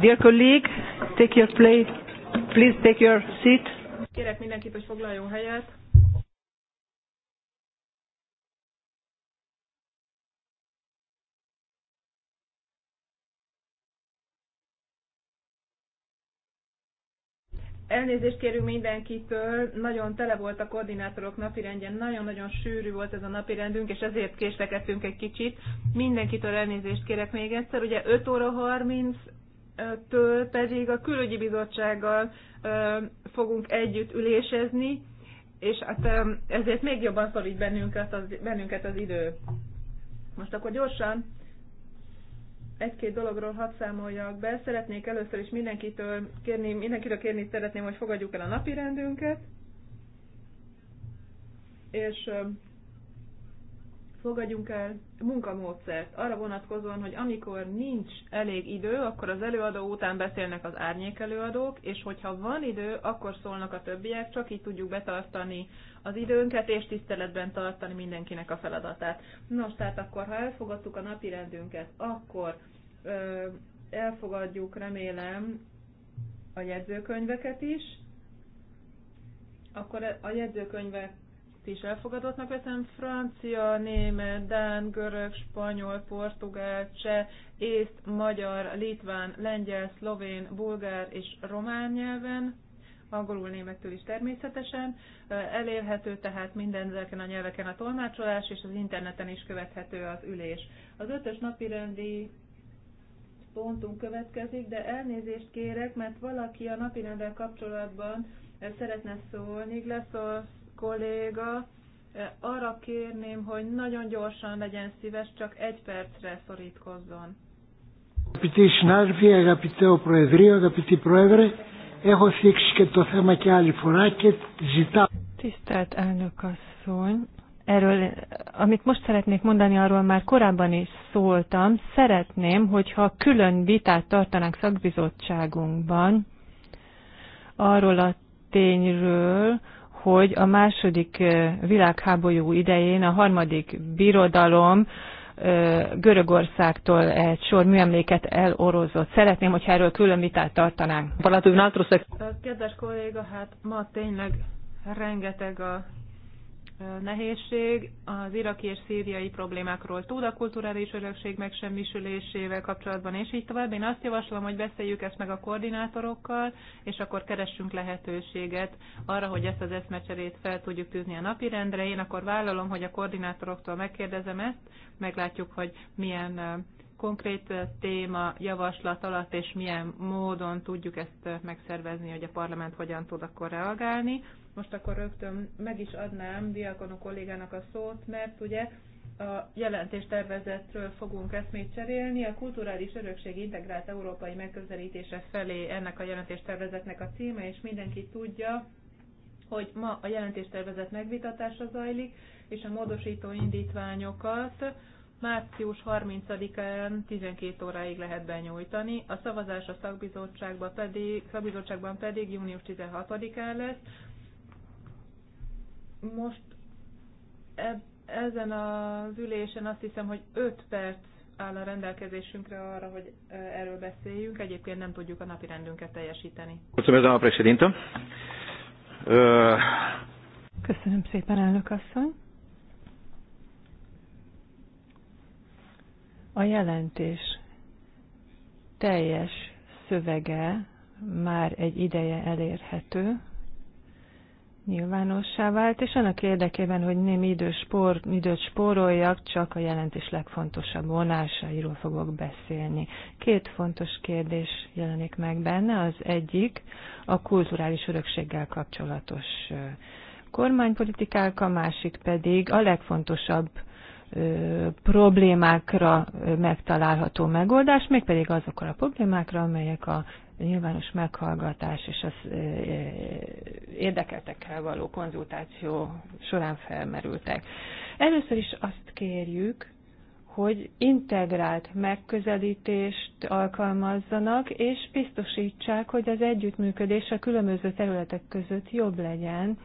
Dear colleague, take your place. Please take your seat. Kérek mindenkit, hogy foglaljon helyet. Elnézést kérünk mindenkitől, nagyon tele volt a koordinátorok napirendje, nagyon-nagyon sűrű volt ez a napirendünk, és ezért késlekedtünk egy kicsit. Mindenkitől elnézést kérek még egyszer, ugye 5 óra 30 től pedig a külügyi bizottsággal fogunk együtt ülésezni, és hát ezért még jobban szorít bennünket az, bennünket az idő. Most akkor gyorsan egy-két dologról hadd számoljak be. Szeretnék először is mindenkitől kérni, mindenkitől kérni szeretném, hogy fogadjuk el a napi rendünket. És fogadjunk el munkamódszert arra vonatkozóan, hogy amikor nincs elég idő, akkor az előadó után beszélnek az árnyék előadók, és hogyha van idő, akkor szólnak a többiek, csak így tudjuk betartani az időnket, és tiszteletben tartani mindenkinek a feladatát. Nos, tehát akkor, ha elfogadtuk a napi rendünket, akkor ö, elfogadjuk, remélem, a jegyzőkönyveket is, akkor a jegyzőkönyvek is elfogadottnak veszem. Francia, német, dán, görög, spanyol, portugál, cseh, észt, magyar, litván, lengyel, szlovén, bulgár és román nyelven angolul, németül is természetesen. Elérhető tehát minden ezeken a nyelveken a tolmácsolás, és az interneten is követhető az ülés. Az ötös napi rendi pontunk következik, de elnézést kérek, mert valaki a napirendel kapcsolatban szeretne szólni. a kolléga, arra kérném, hogy nagyon gyorsan legyen szíves, csak egy percre szorítkozzon. Αγαπητοί συνάδελφοι, αγαπητό Προεδρείο, αγαπητή Πρόεδρε, έχω θίξει και το θέμα και άλλη Tisztelt elnök asszony, erről, amit most szeretnék mondani, arról már korábban is szóltam. Szeretném, hogyha külön vitát tartanánk szakbizottságunkban arról a tényről, hogy a második világháború idején a harmadik birodalom Görögországtól egy sor műemléket elorozott. Szeretném, hogyha erről külön vitát tartanánk. Kedves kolléga, hát ma tényleg rengeteg a nehézség. Az iraki és szíriai problémákról tud a kulturális örökség megsemmisülésével kapcsolatban, és így tovább. Én azt javaslom, hogy beszéljük ezt meg a koordinátorokkal, és akkor keressünk lehetőséget arra, hogy ezt az eszmecserét fel tudjuk tűzni a napirendre. Én akkor vállalom, hogy a koordinátoroktól megkérdezem ezt, meglátjuk, hogy milyen konkrét téma javaslat alatt, és milyen módon tudjuk ezt megszervezni, hogy a parlament hogyan tud akkor reagálni most akkor rögtön meg is adnám Diakonó kollégának a szót, mert ugye a jelentéstervezetről fogunk eszmét cserélni. A kulturális örökség integrált európai megközelítése felé ennek a jelentéstervezetnek a címe, és mindenki tudja, hogy ma a jelentéstervezet megvitatása zajlik, és a módosító indítványokat március 30-án 12 óráig lehet benyújtani, a szavazás a szakbizottságban pedig, szakbizottságban pedig június 16-án lesz, most eb- ezen az ülésen azt hiszem, hogy 5 perc áll a rendelkezésünkre arra, hogy erről beszéljünk. Egyébként nem tudjuk a napi rendünket teljesíteni. Köszönöm szépen, elnök asszony. A jelentés teljes szövege már egy ideje elérhető nyilvánossá vált, és annak érdekében, hogy némi időspor, spor, időt spóroljak, csak a jelentés legfontosabb vonásairól fogok beszélni. Két fontos kérdés jelenik meg benne. Az egyik a kulturális örökséggel kapcsolatos kormánypolitikák, a másik pedig a legfontosabb problémákra megtalálható megoldás, mégpedig azokra a problémákra, amelyek a nyilvános meghallgatás és az érdekeltekkel való konzultáció során felmerültek. Először is azt kérjük, hogy integrált megközelítést alkalmazzanak, és biztosítsák, hogy az együttműködés a különböző területek között jobb legyen,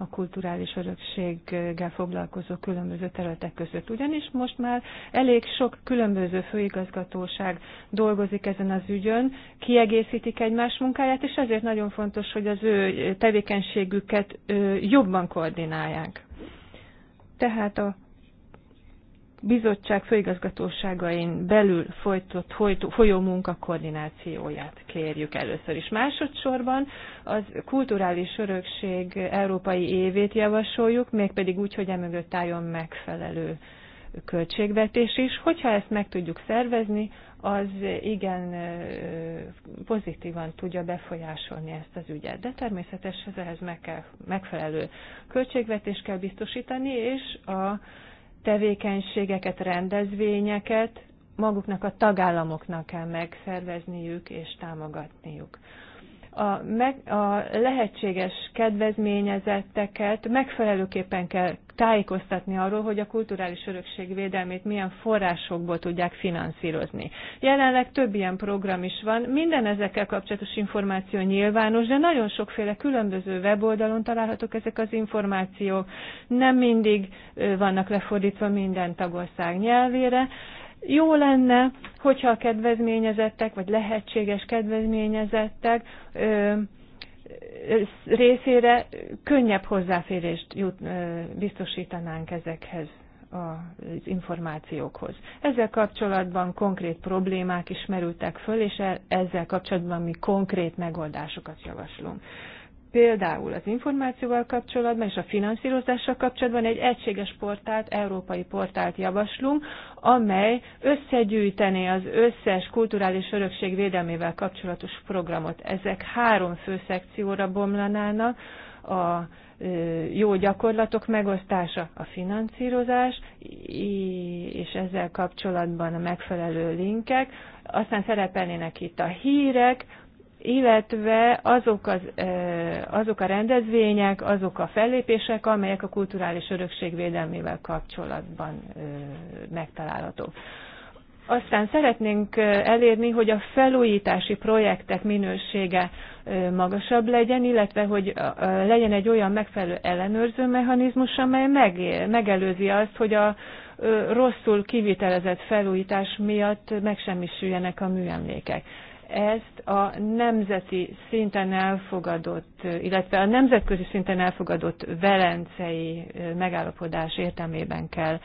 a kulturális örökséggel foglalkozó különböző területek között. Ugyanis most már elég sok különböző főigazgatóság dolgozik ezen az ügyön, kiegészítik egymás munkáját, és ezért nagyon fontos, hogy az ő tevékenységüket jobban koordinálják. Tehát a bizottság főigazgatóságain belül folytott, folytó, folyó munka koordinációját kérjük először is. Másodszorban az kulturális örökség európai évét javasoljuk, mégpedig úgy, hogy emögött álljon megfelelő költségvetés is. Hogyha ezt meg tudjuk szervezni, az igen pozitívan tudja befolyásolni ezt az ügyet. De természetesen ehhez meg kell, megfelelő költségvetést kell biztosítani, és a tevékenységeket, rendezvényeket maguknak a tagállamoknak kell megszervezniük és támogatniuk a, meg, a lehetséges kedvezményezetteket megfelelőképpen kell tájékoztatni arról, hogy a kulturális örökség védelmét milyen forrásokból tudják finanszírozni. Jelenleg több ilyen program is van, minden ezekkel kapcsolatos információ nyilvános, de nagyon sokféle különböző weboldalon találhatók ezek az információk, nem mindig vannak lefordítva minden tagország nyelvére, jó lenne, hogyha a kedvezményezettek, vagy lehetséges kedvezményezettek ö, részére könnyebb hozzáférést jut, ö, biztosítanánk ezekhez az információkhoz. Ezzel kapcsolatban konkrét problémák is merültek föl, és e- ezzel kapcsolatban mi konkrét megoldásokat javaslunk például az információval kapcsolatban és a finanszírozással kapcsolatban egy egységes portált, európai portált javaslunk, amely összegyűjtené az összes kulturális örökség védelmével kapcsolatos programot. Ezek három fő szekcióra bomlanának, a jó gyakorlatok megosztása, a finanszírozás, és ezzel kapcsolatban a megfelelő linkek. Aztán szerepelnének itt a hírek, illetve azok, az, azok a rendezvények, azok a fellépések, amelyek a kulturális örökség védelmével kapcsolatban megtalálhatók. Aztán szeretnénk elérni, hogy a felújítási projektek minősége magasabb legyen, illetve hogy legyen egy olyan megfelelő ellenőrző mechanizmus, amely megelőzi azt, hogy a rosszul kivitelezett felújítás miatt megsemmisüljenek a műemlékek ezt a nemzeti szinten elfogadott, illetve a nemzetközi szinten elfogadott velencei megállapodás értelmében kell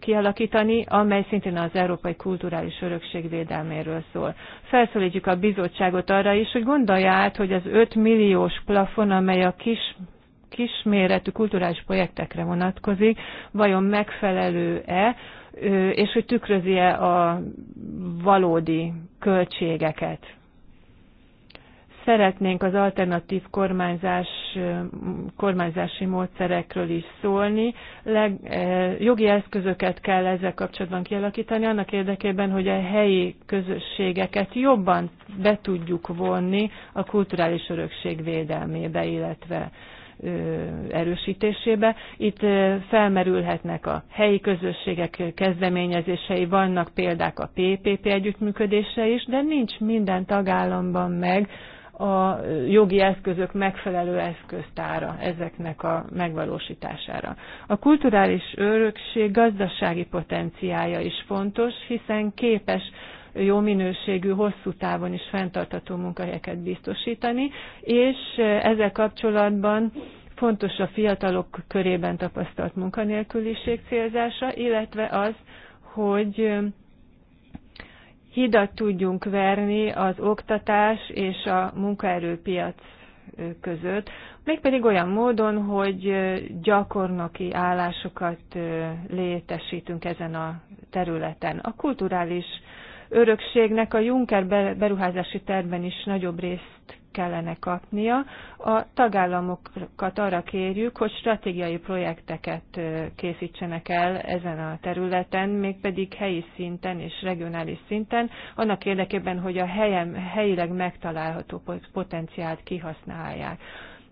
kialakítani, amely szintén az európai kulturális örökség védelméről szól. Felszólítjuk a bizottságot arra is, hogy gondolja át, hogy az 5 milliós plafon, amely a kis kisméretű kulturális projektekre vonatkozik, vajon megfelelő-e, és hogy tükrözi-e a valódi költségeket. Szeretnénk az alternatív kormányzás, kormányzási módszerekről is szólni. Leg, jogi eszközöket kell ezzel kapcsolatban kialakítani, annak érdekében, hogy a helyi közösségeket jobban be tudjuk vonni a kulturális örökség védelmébe, illetve erősítésébe. Itt felmerülhetnek a helyi közösségek kezdeményezései, vannak példák a PPP együttműködése is, de nincs minden tagállamban meg a jogi eszközök megfelelő eszköztára ezeknek a megvalósítására. A kulturális örökség gazdasági potenciája is fontos, hiszen képes jó minőségű, hosszú távon is fenntartható munkahelyeket biztosítani, és ezzel kapcsolatban fontos a fiatalok körében tapasztalt munkanélküliség célzása, illetve az, hogy hidat tudjunk verni az oktatás és a munkaerőpiac között, mégpedig olyan módon, hogy gyakornoki állásokat létesítünk ezen a területen. A kulturális örökségnek a Juncker beruházási tervben is nagyobb részt kellene kapnia. A tagállamokat arra kérjük, hogy stratégiai projekteket készítsenek el ezen a területen, mégpedig helyi szinten és regionális szinten, annak érdekében, hogy a helyen, helyileg megtalálható potenciált kihasználják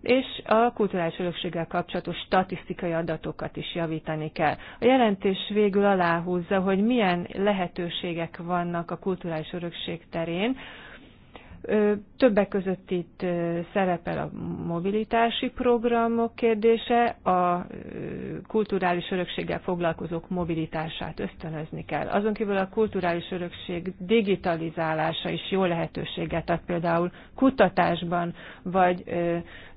és a kulturális örökséggel kapcsolatos statisztikai adatokat is javítani kell. A jelentés végül aláhúzza, hogy milyen lehetőségek vannak a kulturális örökség terén, Többek között itt szerepel a mobilitási programok kérdése, a kulturális örökséggel foglalkozók mobilitását ösztönözni kell. Azon kívül a kulturális örökség digitalizálása is jó lehetőséget ad például kutatásban vagy,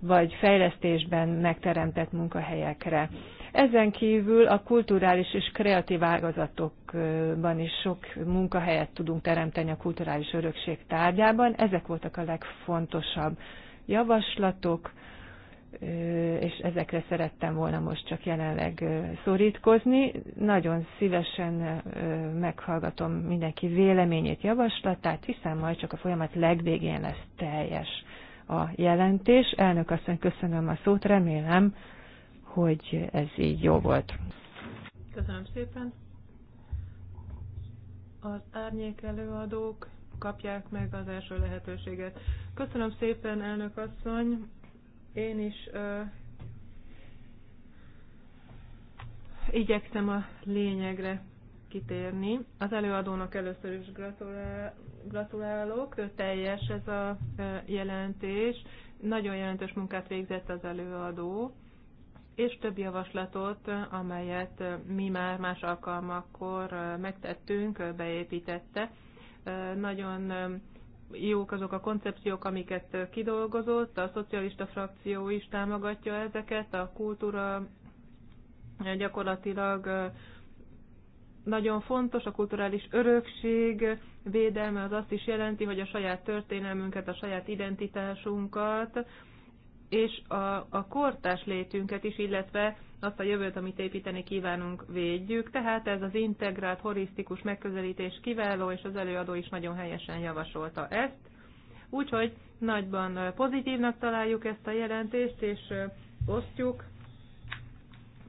vagy fejlesztésben megteremtett munkahelyekre ezen kívül a kulturális és kreatív ágazatokban is sok munkahelyet tudunk teremteni a kulturális örökség tárgyában. Ezek voltak a legfontosabb javaslatok, és ezekre szerettem volna most csak jelenleg szorítkozni. Nagyon szívesen meghallgatom mindenki véleményét, javaslatát, hiszen majd csak a folyamat legvégén lesz teljes a jelentés. Elnök asszony, köszönöm a szót, remélem, hogy ez így jó volt. Köszönöm szépen. Az árnyék előadók kapják meg az első lehetőséget. Köszönöm szépen, elnök asszony. Én is ö, igyekszem a lényegre kitérni. Az előadónak először is gratulál, gratulálok, teljes ez a jelentés. Nagyon jelentős munkát végzett az előadó és több javaslatot, amelyet mi már más alkalmakkor megtettünk, beépítette. Nagyon jók azok a koncepciók, amiket kidolgozott, a szocialista frakció is támogatja ezeket, a kultúra gyakorlatilag nagyon fontos, a kulturális örökség védelme az azt is jelenti, hogy a saját történelmünket, a saját identitásunkat, és a, a kortás létünket is, illetve azt a jövőt, amit építeni kívánunk, védjük. Tehát ez az integrált, horisztikus megközelítés kiváló, és az előadó is nagyon helyesen javasolta ezt. Úgyhogy nagyban pozitívnak találjuk ezt a jelentést, és osztjuk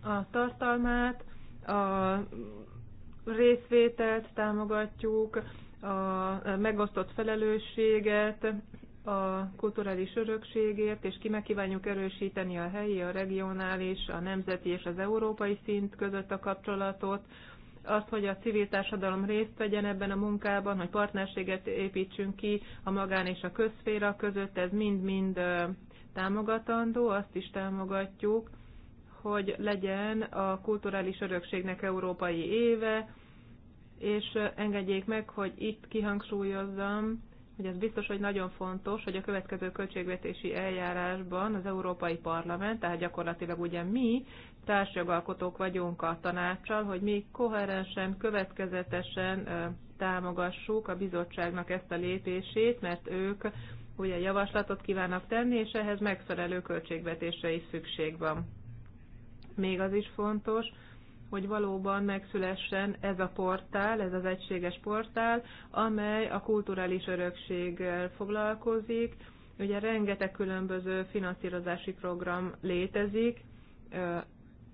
a tartalmát, a részvételt támogatjuk, a megosztott felelősséget, a kulturális örökségért, és ki meg kívánjuk erősíteni a helyi, a regionális, a nemzeti és az európai szint között a kapcsolatot, azt, hogy a civil társadalom részt vegyen ebben a munkában, hogy partnerséget építsünk ki a magán és a közféra között, ez mind-mind támogatandó, azt is támogatjuk, hogy legyen a kulturális örökségnek európai éve, és engedjék meg, hogy itt kihangsúlyozzam, hogy az biztos, hogy nagyon fontos, hogy a következő költségvetési eljárásban az Európai Parlament, tehát gyakorlatilag ugye mi társjogalkotók vagyunk a tanácssal, hogy mi koherensen, következetesen támogassuk a bizottságnak ezt a lépését, mert ők ugye javaslatot kívánnak tenni, és ehhez megfelelő költségvetésre is szükség van. Még az is fontos, hogy valóban megszülessen ez a portál, ez az egységes portál, amely a kulturális örökséggel foglalkozik. Ugye rengeteg különböző finanszírozási program létezik,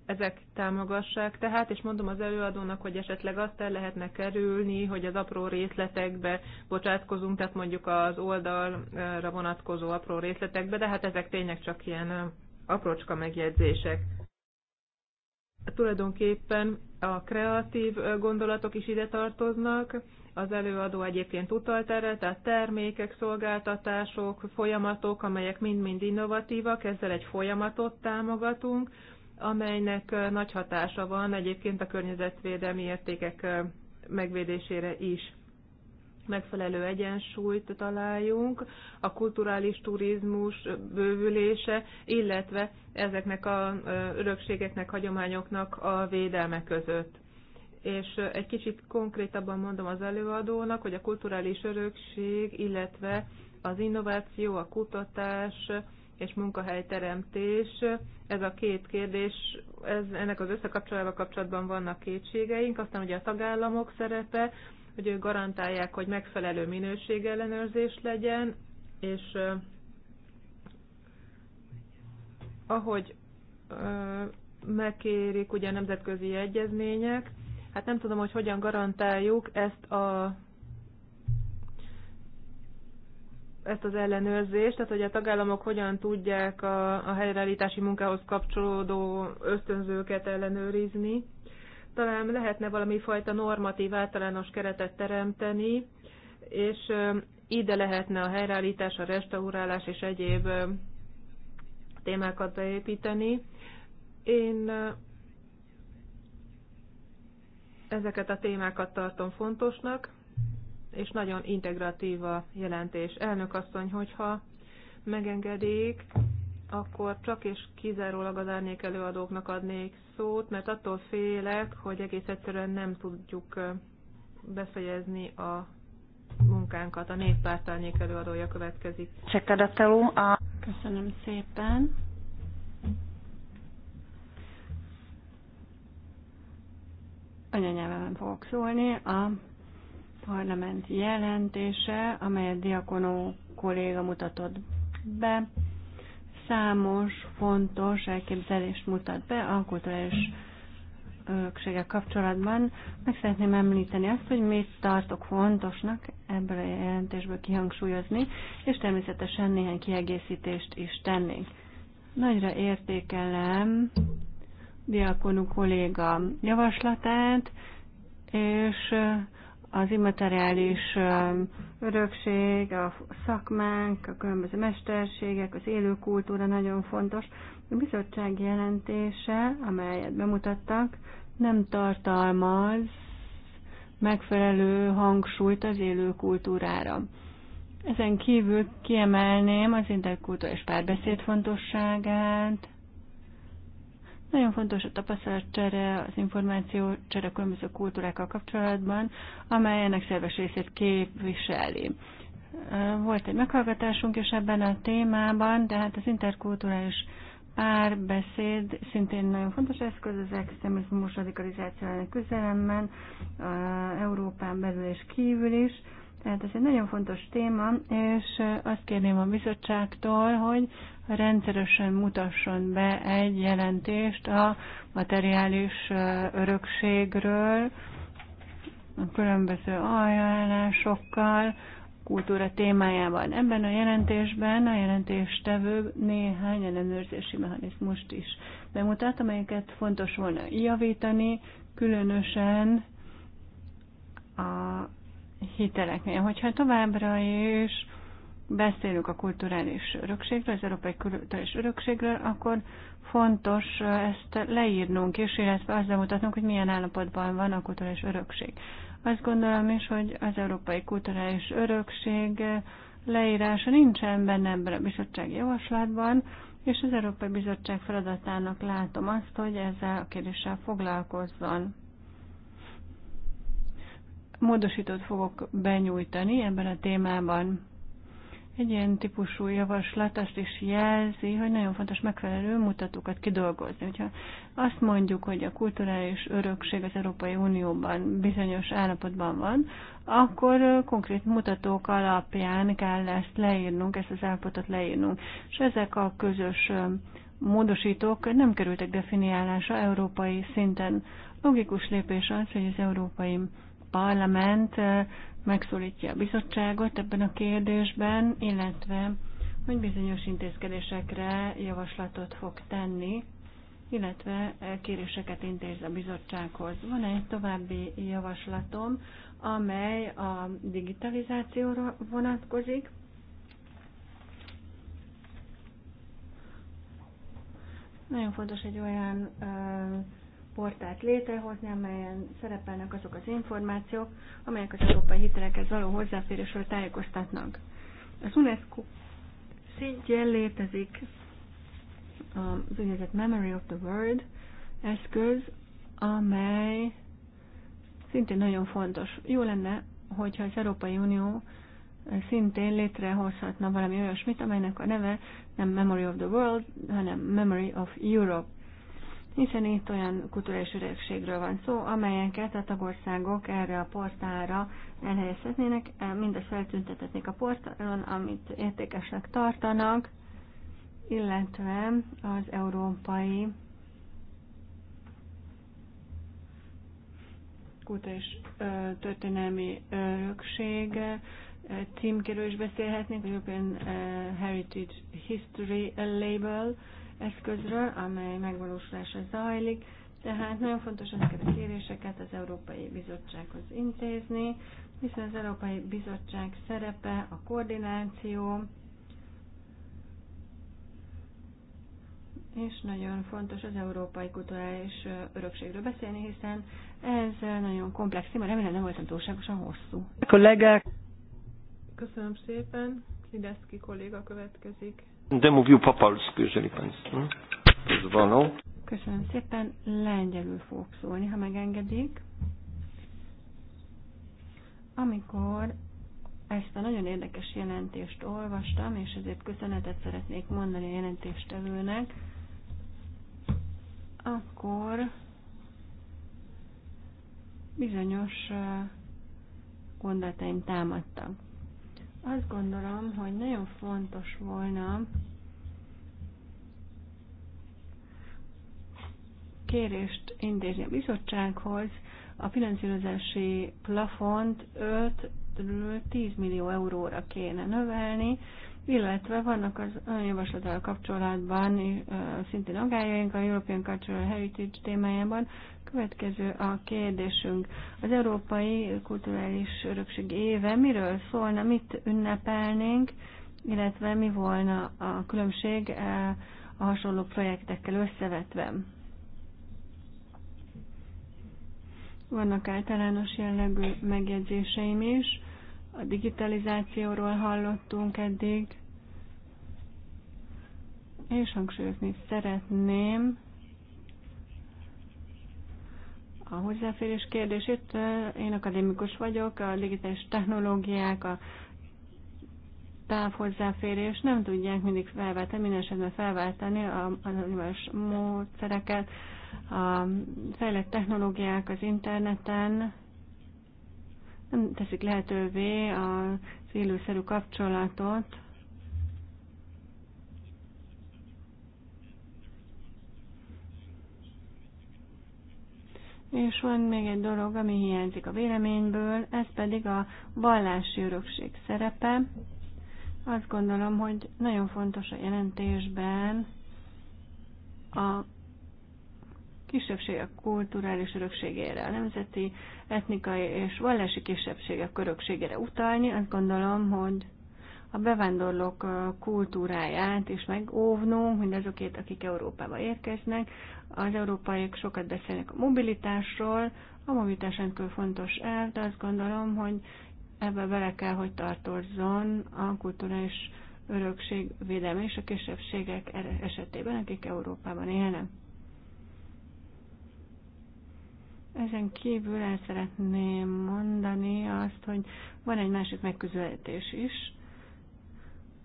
ezek támogassák tehát, és mondom az előadónak, hogy esetleg azt el lehetne kerülni, hogy az apró részletekbe bocsátkozunk, tehát mondjuk az oldalra vonatkozó apró részletekbe, de hát ezek tényleg csak ilyen aprócska megjegyzések tulajdonképpen a kreatív gondolatok is ide tartoznak, az előadó egyébként utalt erre, tehát termékek, szolgáltatások, folyamatok, amelyek mind-mind innovatívak, ezzel egy folyamatot támogatunk, amelynek nagy hatása van egyébként a környezetvédelmi értékek megvédésére is megfelelő egyensúlyt találjunk, a kulturális turizmus bővülése, illetve ezeknek a örökségeknek, hagyományoknak a védelme között. És egy kicsit konkrétabban mondom az előadónak, hogy a kulturális örökség, illetve az innováció, a kutatás és munkahelyteremtés, ez a két kérdés, ez, ennek az összekapcsolával kapcsolatban vannak kétségeink, aztán ugye a tagállamok szerepe, hogy ők garantálják, hogy megfelelő ellenőrzés legyen, és ahogy megkérik ugye a nemzetközi egyezmények, hát nem tudom, hogy hogyan garantáljuk ezt a ezt az ellenőrzést, tehát hogy a tagállamok hogyan tudják a, a helyreállítási munkához kapcsolódó ösztönzőket ellenőrizni talán lehetne valami fajta normatív általános keretet teremteni, és ide lehetne a helyreállítás, a restaurálás és egyéb témákat beépíteni. Én ezeket a témákat tartom fontosnak, és nagyon integratív a jelentés. Elnök asszony, hogyha megengedik, akkor csak és kizárólag az árnyék előadóknak adnék szót, mert attól félek, hogy egész egyszerűen nem tudjuk befejezni a munkánkat. A néppárt árnyék előadója következik. Csekadatelú. A... Köszönöm szépen. Anyanyelvemen fogok szólni. A parlament jelentése, amelyet Diakonó kolléga mutatott be, számos fontos elképzelést mutat be a kulturális örökséggel kapcsolatban. Meg szeretném említeni azt, hogy mit tartok fontosnak ebből a jelentésből kihangsúlyozni, és természetesen néhány kiegészítést is tenni. Nagyra értékelem diakonú kolléga javaslatát, és az immateriális örökség, a szakmánk, a különböző mesterségek, az élő kultúra nagyon fontos. A bizottság jelentése, amelyet bemutattak, nem tartalmaz megfelelő hangsúlyt az élő kultúrára. Ezen kívül kiemelném az interkultúrás párbeszéd fontosságát, nagyon fontos a csere, az információ csere különböző kultúrákkal kapcsolatban, amely ennek szerves részét képviseli. Volt egy meghallgatásunk is ebben a témában, tehát az interkulturális párbeszéd szintén nagyon fontos eszköz az extremizmus radikalizáció elleni küzdelemben, Európán belül és kívül is. Tehát ez egy nagyon fontos téma, és azt kérném a bizottságtól, hogy rendszeresen mutasson be egy jelentést a materiális örökségről, a különböző ajánlásokkal, kultúra témájában. Ebben a jelentésben a jelentéstevő néhány ellenőrzési mechanizmust is bemutat, amelyeket fontos volna javítani, különösen a hiteleknél. Hogyha továbbra is beszélünk a kulturális örökségről, az európai kulturális örökségről, akkor fontos ezt leírnunk és illetve azzal mutatnunk, hogy milyen állapotban van a kulturális örökség. Azt gondolom is, hogy az európai kulturális örökség leírása nincsen benne ebben a bizottsági javaslatban, és az Európai Bizottság feladatának látom azt, hogy ezzel a kérdéssel foglalkozzon. Módosítót fogok benyújtani ebben a témában. Egy ilyen típusú javaslat azt is jelzi, hogy nagyon fontos megfelelő mutatókat kidolgozni. Hogyha azt mondjuk, hogy a kulturális örökség az Európai Unióban bizonyos állapotban van, akkor konkrét mutatók alapján kell ezt leírnunk, ezt az állapotot leírnunk. És ezek a közös módosítók nem kerültek definiálása európai szinten. Logikus lépés az, hogy az európai Parlament megszólítja a bizottságot ebben a kérdésben, illetve hogy bizonyos intézkedésekre javaslatot fog tenni, illetve kéréseket intéz a bizottsághoz. Van egy további javaslatom, amely a digitalizációra vonatkozik. Nagyon fontos egy olyan uh, portált létrehozni, amelyen szerepelnek azok az információk, amelyek az európai hitelekhez való hozzáférésről tájékoztatnak. Az UNESCO szintjén létezik az úgynevezett Memory of the World eszköz, amely szintén nagyon fontos. Jó lenne, hogyha az Európai Unió szintén létrehozhatna valami olyasmit, amelynek a neve nem Memory of the World, hanem Memory of Europe hiszen itt olyan kulturális örökségről van szó, amelyeket a tagországok erre a portára elhelyezhetnének, mindezt feltüntetetnék a portálon, amit értékesnek tartanak, illetve az európai kulturális történelmi örökség címkéről is beszélhetnénk, European Heritage History Label, eszközről, amely megvalósulása zajlik, tehát nagyon fontos ezeket a kéréseket az Európai Bizottsághoz intézni, hiszen az Európai Bizottság szerepe a koordináció, és nagyon fontos az európai kulturális örökségről beszélni, hiszen ez nagyon komplex mert remélem nem voltam túlságosan hosszú. Kollégák! Köszönöm szépen, Lideszki kolléga következik. De mówił po polsku, jeżeli Państwo pozwolą. Köszönöm szépen, lengyelül fogok szólni, ha megengedik. Amikor ezt a nagyon érdekes jelentést olvastam, és ezért köszönetet szeretnék mondani a jelentéstevőnek, akkor bizonyos eh, gondolataim támadtak. Azt gondolom, hogy nagyon fontos volna kérést intézni a bizottsághoz, a finanszírozási plafont 5-10 millió euróra kéne növelni, illetve vannak az önjavaslatával kapcsolatban szintén aggájaink a European Cultural Heritage témájában. Következő a kérdésünk. Az Európai Kulturális Örökség éve miről szólna, mit ünnepelnénk, illetve mi volna a különbség a hasonló projektekkel összevetve? Vannak általános jellegű megjegyzéseim is a digitalizációról hallottunk eddig, és hangsúlyozni szeretném a hozzáférés kérdését. Én akadémikus vagyok, a digitális technológiák, a távhozzáférés nem tudják mindig felváltani, minden esetben felváltani a anonimus módszereket, a fejlett technológiák az interneten nem teszik lehetővé az élőszerű kapcsolatot, És van még egy dolog, ami hiányzik a véleményből, ez pedig a vallási örökség szerepe. Azt gondolom, hogy nagyon fontos a jelentésben a kisebbségek kulturális örökségére, a nemzeti, etnikai és vallási kisebbségek örökségére utalni, azt gondolom, hogy a bevándorlók kultúráját is megóvnunk, mindazokét, akik Európába érkeznek. Az európaiak sokat beszélnek a mobilitásról, a mobilitás rendkívül fontos el. de azt gondolom, hogy ebbe bele kell, hogy tartozzon a kulturális örökség védelme és a kisebbségek esetében, akik Európában élnek. Ezen kívül el szeretném mondani azt, hogy van egy másik megközelítés is.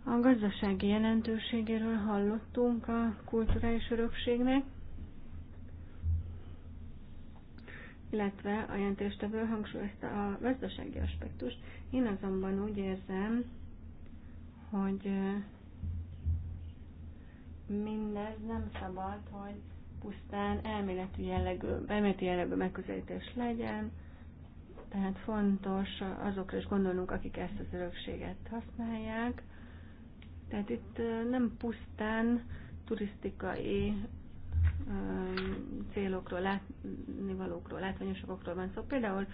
A gazdasági jelentőségéről hallottunk a kulturális örökségnek, illetve a jelentéstevő hangsúlyozta a gazdasági aspektust. Én azonban úgy érzem, hogy mindez nem szabad, hogy pusztán elméleti jellegű, elméleti jellegű megközelítés legyen, tehát fontos azokra is gondolnunk, akik ezt az örökséget használják. Tehát itt nem pusztán turisztikai célokról, látnivalókról, látványosokról van szó. például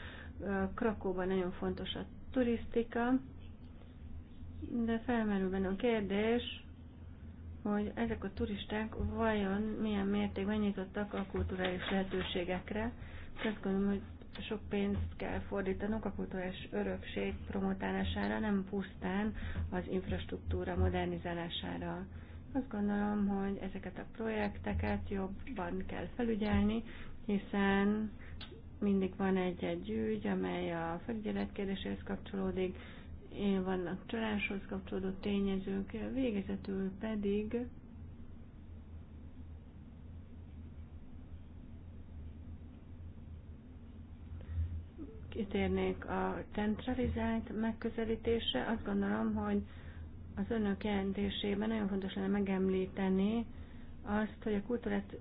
Krakóban nagyon fontos a turisztika, de felmerül benne a kérdés, hogy ezek a turisták vajon milyen mértékben nyitottak a kulturális lehetőségekre. Azt gondolom, hogy sok pénzt kell fordítanunk a kulturális örökség promotálására, nem pusztán az infrastruktúra modernizálására. Azt gondolom, hogy ezeket a projekteket jobban kell felügyelni, hiszen mindig van egy-egy ügy, amely a felügyelet kérdéséhez kapcsolódik, vannak csaláshoz kapcsolódó tényezők, végezetül pedig kitérnék a centralizált megközelítésre. Azt gondolom, hogy az önök jelentésében nagyon fontos lenne megemlíteni azt, hogy a kultúrát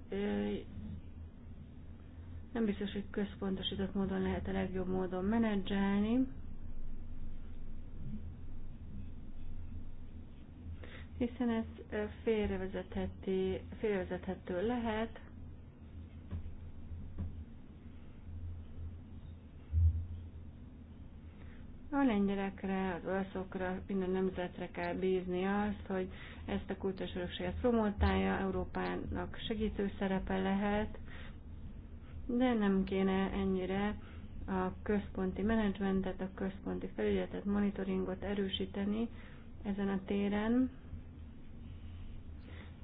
nem biztos, hogy központosított módon lehet a legjobb módon menedzselni. hiszen ez félrevezetheti, félrevezethető lehet, a lengyelekre, az olaszokra, minden nemzetre kell bízni azt, hogy ezt a kultúrás örökséget promotálja, Európának segítő szerepe lehet, de nem kéne ennyire a központi menedzsmentet, a központi felügyeletet, monitoringot erősíteni ezen a téren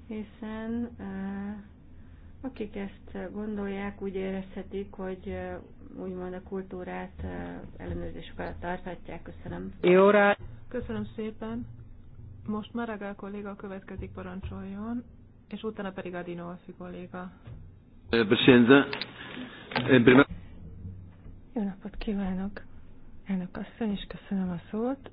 hiszen eh, akik ezt gondolják, úgy érezhetik, hogy eh, úgymond a kultúrát eh, ellenőrzésük alatt tarthatják. Köszönöm. Jó rá. Köszönöm szépen. Most Maragá kolléga következik, parancsoljon, és utána pedig Adino Alfi kolléga. Jó napot kívánok, elnök asszony, és köszönöm a szót.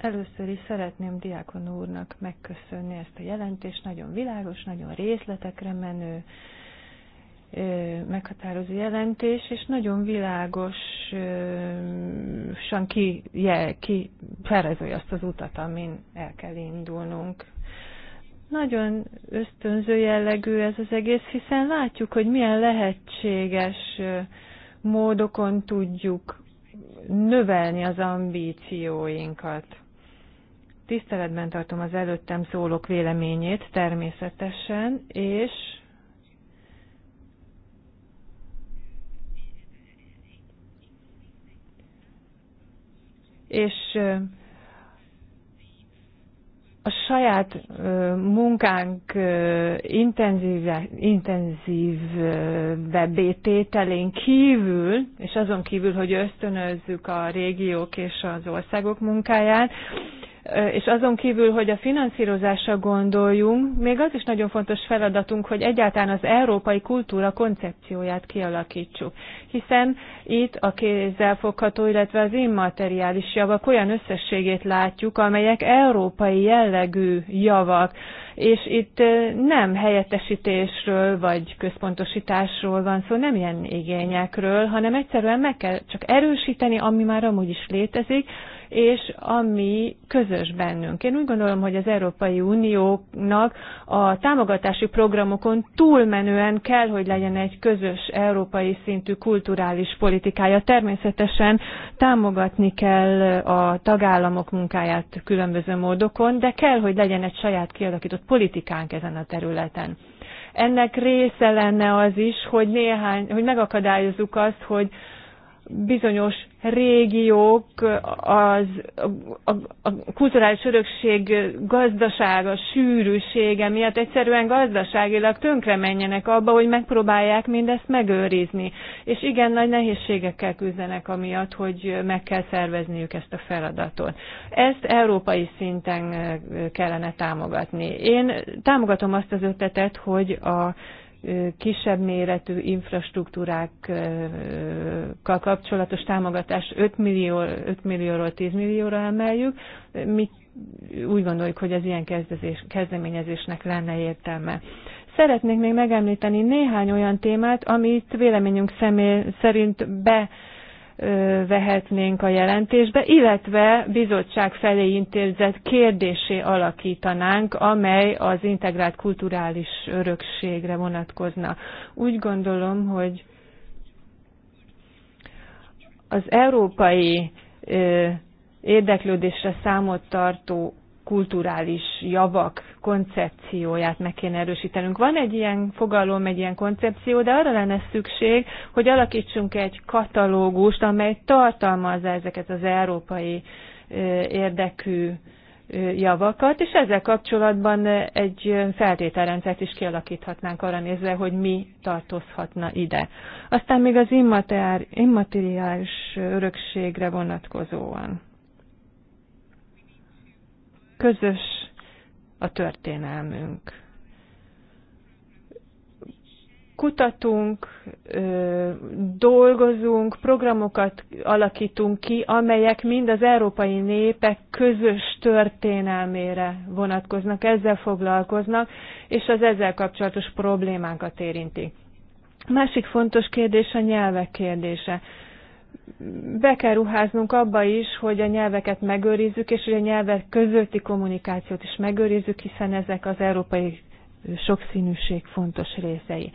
Először is szeretném Diákon úrnak megköszönni ezt a jelentést, nagyon világos, nagyon részletekre menő, meghatározó jelentés, és nagyon világosan ki, je, ki felrezolja azt az utat, amin el kell indulnunk. Nagyon ösztönző jellegű ez az egész, hiszen látjuk, hogy milyen lehetséges módokon tudjuk növelni az ambícióinkat Tiszteletben tartom az előttem szólók véleményét természetesen, és és a saját munkánk intenzív, intenzívebbé tételén kívül, és azon kívül, hogy ösztönözzük a régiók és az országok munkáját, és azon kívül, hogy a finanszírozásra gondoljunk, még az is nagyon fontos feladatunk, hogy egyáltalán az európai kultúra koncepcióját kialakítsuk. Hiszen itt a kézzelfogható, illetve az immateriális javak olyan összességét látjuk, amelyek európai jellegű javak, és itt nem helyettesítésről vagy központosításról van szó, nem ilyen igényekről, hanem egyszerűen meg kell csak erősíteni, ami már amúgy is létezik, és ami közös bennünk. Én úgy gondolom, hogy az Európai Uniónak a támogatási programokon túlmenően kell, hogy legyen egy közös európai szintű kulturális politikája. Természetesen támogatni kell a tagállamok munkáját különböző módokon, de kell, hogy legyen egy saját kialakított politikánk ezen a területen ennek része lenne az is, hogy néhány, hogy megakadályozzuk azt, hogy bizonyos régiók az, a, a kulturális örökség gazdasága, sűrűsége miatt egyszerűen gazdaságilag tönkre menjenek abba, hogy megpróbálják mindezt megőrizni. És igen, nagy nehézségekkel küzdenek amiatt, hogy meg kell szervezniük ezt a feladatot. Ezt európai szinten kellene támogatni. Én támogatom azt az ötletet, hogy a kisebb méretű infrastruktúrákkal kapcsolatos támogatás 5, millió, 5 millióról 10 millióra emeljük. Mi úgy gondoljuk, hogy ez ilyen kezdeményezésnek lenne értelme. Szeretnék még megemlíteni néhány olyan témát, amit véleményünk személy szerint be vehetnénk a jelentésbe, illetve bizottság felé intézett kérdésé alakítanánk, amely az integrált kulturális örökségre vonatkozna. Úgy gondolom, hogy az európai érdeklődésre számot tartó kulturális javak koncepcióját meg kéne erősítenünk. Van egy ilyen fogalom, egy ilyen koncepció, de arra lenne szükség, hogy alakítsunk egy katalógust, amely tartalmazza ezeket az európai érdekű javakat, és ezzel kapcsolatban egy feltételrendszert is kialakíthatnánk arra nézve, hogy mi tartozhatna ide. Aztán még az immateriális örökségre vonatkozóan közös a történelmünk. Kutatunk, dolgozunk, programokat alakítunk ki, amelyek mind az európai népek közös történelmére vonatkoznak, ezzel foglalkoznak, és az ezzel kapcsolatos problémákat érinti. Másik fontos kérdés a nyelvek kérdése be kell ruháznunk abba is, hogy a nyelveket megőrizzük, és hogy a nyelvek közötti kommunikációt is megőrizzük, hiszen ezek az európai sokszínűség fontos részei.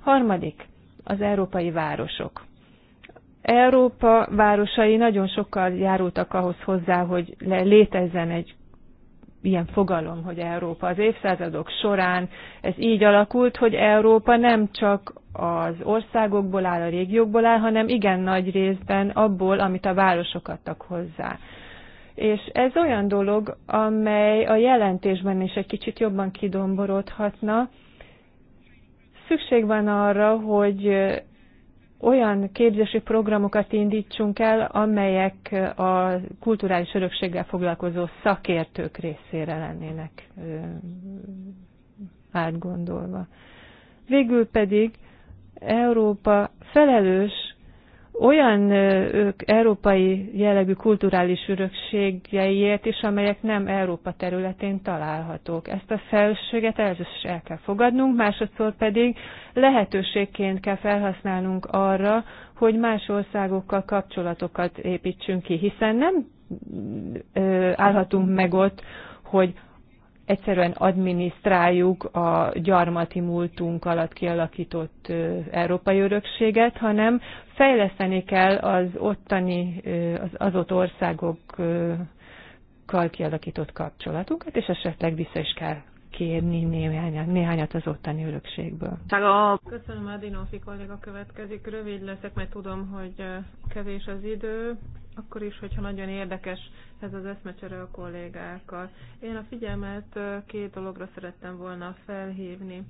Harmadik, az európai városok. Európa városai nagyon sokkal járultak ahhoz hozzá, hogy létezzen egy ilyen fogalom, hogy Európa az évszázadok során ez így alakult, hogy Európa nem csak az országokból áll, a régiókból áll, hanem igen nagy részben abból, amit a városok adtak hozzá. És ez olyan dolog, amely a jelentésben is egy kicsit jobban kidomborodhatna. Szükség van arra, hogy olyan képzési programokat indítsunk el, amelyek a kulturális örökséggel foglalkozó szakértők részére lennének átgondolva. Végül pedig Európa felelős olyan ők európai jellegű kulturális örökségeiért is, amelyek nem Európa területén találhatók. Ezt a felelősséget először el kell fogadnunk, másodszor pedig lehetőségként kell felhasználnunk arra, hogy más országokkal kapcsolatokat építsünk ki, hiszen nem állhatunk meg ott, hogy egyszerűen adminisztráljuk a gyarmati múltunk alatt kialakított európai örökséget, hanem fejleszteni kell az ottani, az, az ott országokkal kialakított kapcsolatunkat, és esetleg vissza is kell kérni néhányat, néhányat az ottani örökségből. Köszönöm, Adinolfi kolléga következik. Rövid leszek, mert tudom, hogy kevés az idő akkor is, hogyha nagyon érdekes ez az eszmecsere a kollégákkal. Én a figyelmet két dologra szerettem volna felhívni.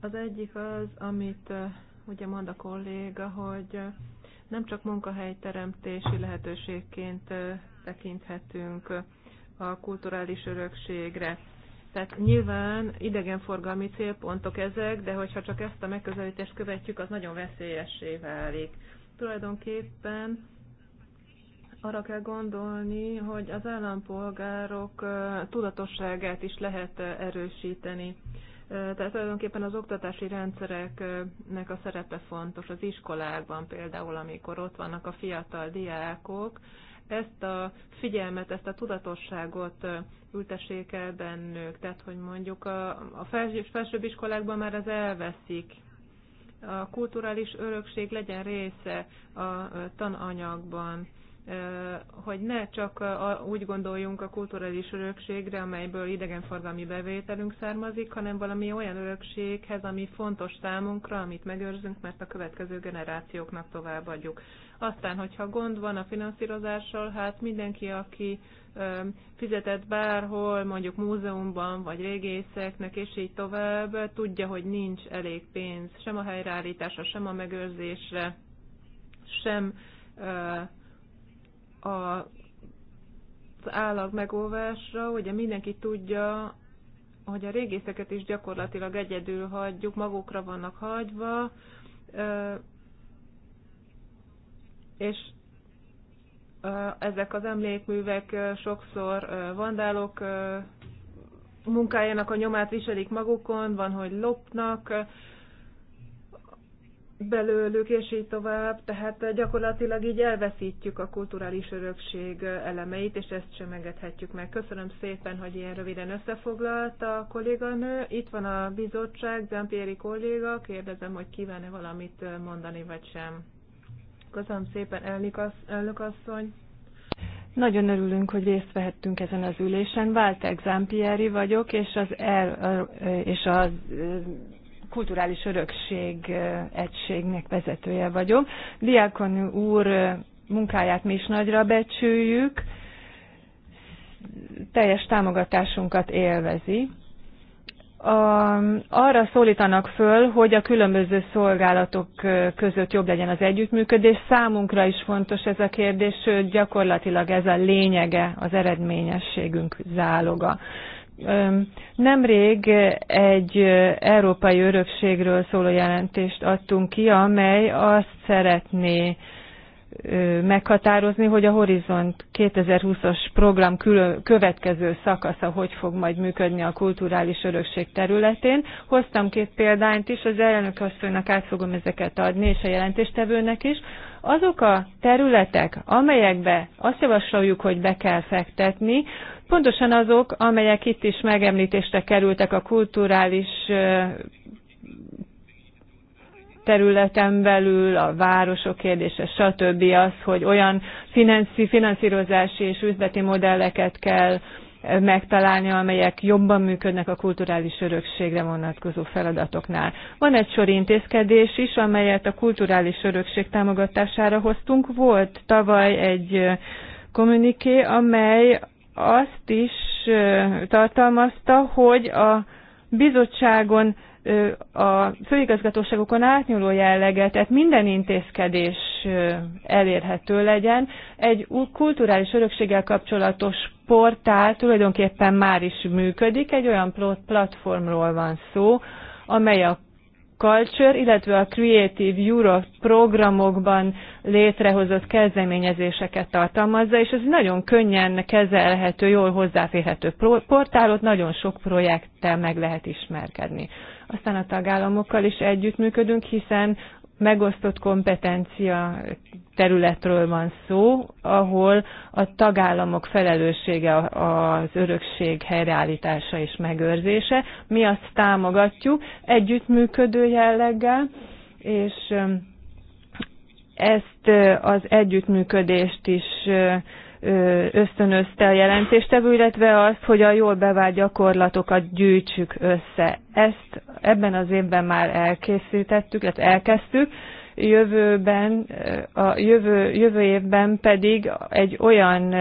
Az egyik az, amit ugye mond a kolléga, hogy nem csak munkahelyteremtési lehetőségként tekinthetünk a kulturális örökségre. Tehát nyilván idegenforgalmi célpontok ezek, de hogyha csak ezt a megközelítést követjük, az nagyon veszélyessé válik. Tulajdonképpen arra kell gondolni, hogy az állampolgárok tudatosságát is lehet erősíteni. Tehát tulajdonképpen az oktatási rendszereknek a szerepe fontos. Az iskolákban például, amikor ott vannak a fiatal diákok, ezt a figyelmet, ezt a tudatosságot ültessék el bennük. Tehát, hogy mondjuk a, a felsőbb iskolákban már ez elveszik. A kulturális örökség legyen része a tananyagban hogy ne csak úgy gondoljunk a kulturális örökségre, amelyből idegenforgalmi bevételünk származik, hanem valami olyan örökséghez, ami fontos számunkra, amit megőrzünk, mert a következő generációknak továbbadjuk. Aztán, hogyha gond van a finanszírozással, hát mindenki, aki fizetett bárhol, mondjuk múzeumban, vagy régészeknek, és így tovább, tudja, hogy nincs elég pénz sem a helyreállításra, sem a megőrzésre, sem a az állag megóvásra, ugye mindenki tudja, hogy a régészeket is gyakorlatilag egyedül hagyjuk, magukra vannak hagyva, és ezek az emlékművek sokszor vandálok munkájának a nyomát viselik magukon, van, hogy lopnak, belőlük, és így tovább. Tehát gyakorlatilag így elveszítjük a kulturális örökség elemeit, és ezt sem engedhetjük meg. Köszönöm szépen, hogy ilyen röviden összefoglalta a kolléganő. Itt van a bizottság, Zampieri kolléga. Kérdezem, hogy kíván-e valamit mondani, vagy sem. Köszönöm szépen, elnök asszony. Nagyon örülünk, hogy részt vehettünk ezen az ülésen. Váltek Zampieri vagyok, és az, el, és az kulturális örökség egységnek vezetője vagyok. Diákon úr munkáját mi is nagyra becsüljük, teljes támogatásunkat élvezi. A, arra szólítanak föl, hogy a különböző szolgálatok között jobb legyen az együttműködés. Számunkra is fontos ez a kérdés, sőt gyakorlatilag ez a lényege, az eredményességünk záloga. Nemrég egy európai örökségről szóló jelentést adtunk ki, amely azt szeretné meghatározni, hogy a Horizont 2020-as program következő szakasza hogy fog majd működni a kulturális örökség területén. Hoztam két példányt is, az elnök asszonynak át fogom ezeket adni, és a jelentéstevőnek is. Azok a területek, amelyekbe azt javasoljuk, hogy be kell fektetni, pontosan azok, amelyek itt is megemlítésre kerültek a kulturális területen belül, a városok kérdése, stb. az, hogy olyan finanszi, finanszírozási és üzleti modelleket kell megtalálni, amelyek jobban működnek a kulturális örökségre vonatkozó feladatoknál. Van egy sor intézkedés is, amelyet a kulturális örökség támogatására hoztunk. Volt tavaly egy kommuniké, amely azt is tartalmazta, hogy a bizottságon a főigazgatóságokon átnyúló jelleget, tehát minden intézkedés elérhető legyen. Egy kulturális örökséggel kapcsolatos portál tulajdonképpen már is működik, egy olyan platformról van szó, amely a Culture, illetve a Creative Europe programokban létrehozott kezdeményezéseket tartalmazza, és ez nagyon könnyen kezelhető, jól hozzáférhető portálot, nagyon sok projekttel meg lehet ismerkedni. Aztán a tagállamokkal is együttműködünk, hiszen megosztott kompetencia területről van szó, ahol a tagállamok felelőssége az örökség helyreállítása és megőrzése. Mi azt támogatjuk együttműködő jelleggel, és ezt az együttműködést is ösztönözte a jelentéstevő, illetve azt, hogy a jól bevált gyakorlatokat gyűjtsük össze. Ezt ebben az évben már elkészítettük, illetve elkezdtük, jövőben, a jövő, jövő évben pedig egy olyan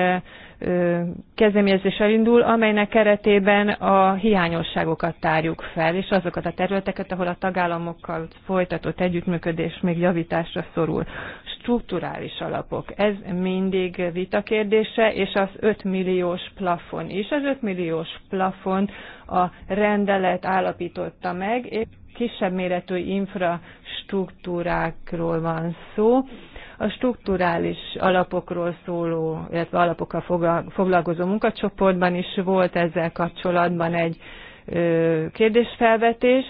kezdeményezés elindul, amelynek keretében a hiányosságokat tárjuk fel, és azokat a területeket, ahol a tagállamokkal folytatott együttműködés még javításra szorul strukturális alapok. Ez mindig vita kérdése, és az 5 milliós plafon is. Az 5 milliós plafon a rendelet állapította meg, és kisebb méretű infrastruktúrákról van szó. A strukturális alapokról szóló, illetve alapokkal foglalkozó munkacsoportban is volt ezzel kapcsolatban egy kérdésfelvetés.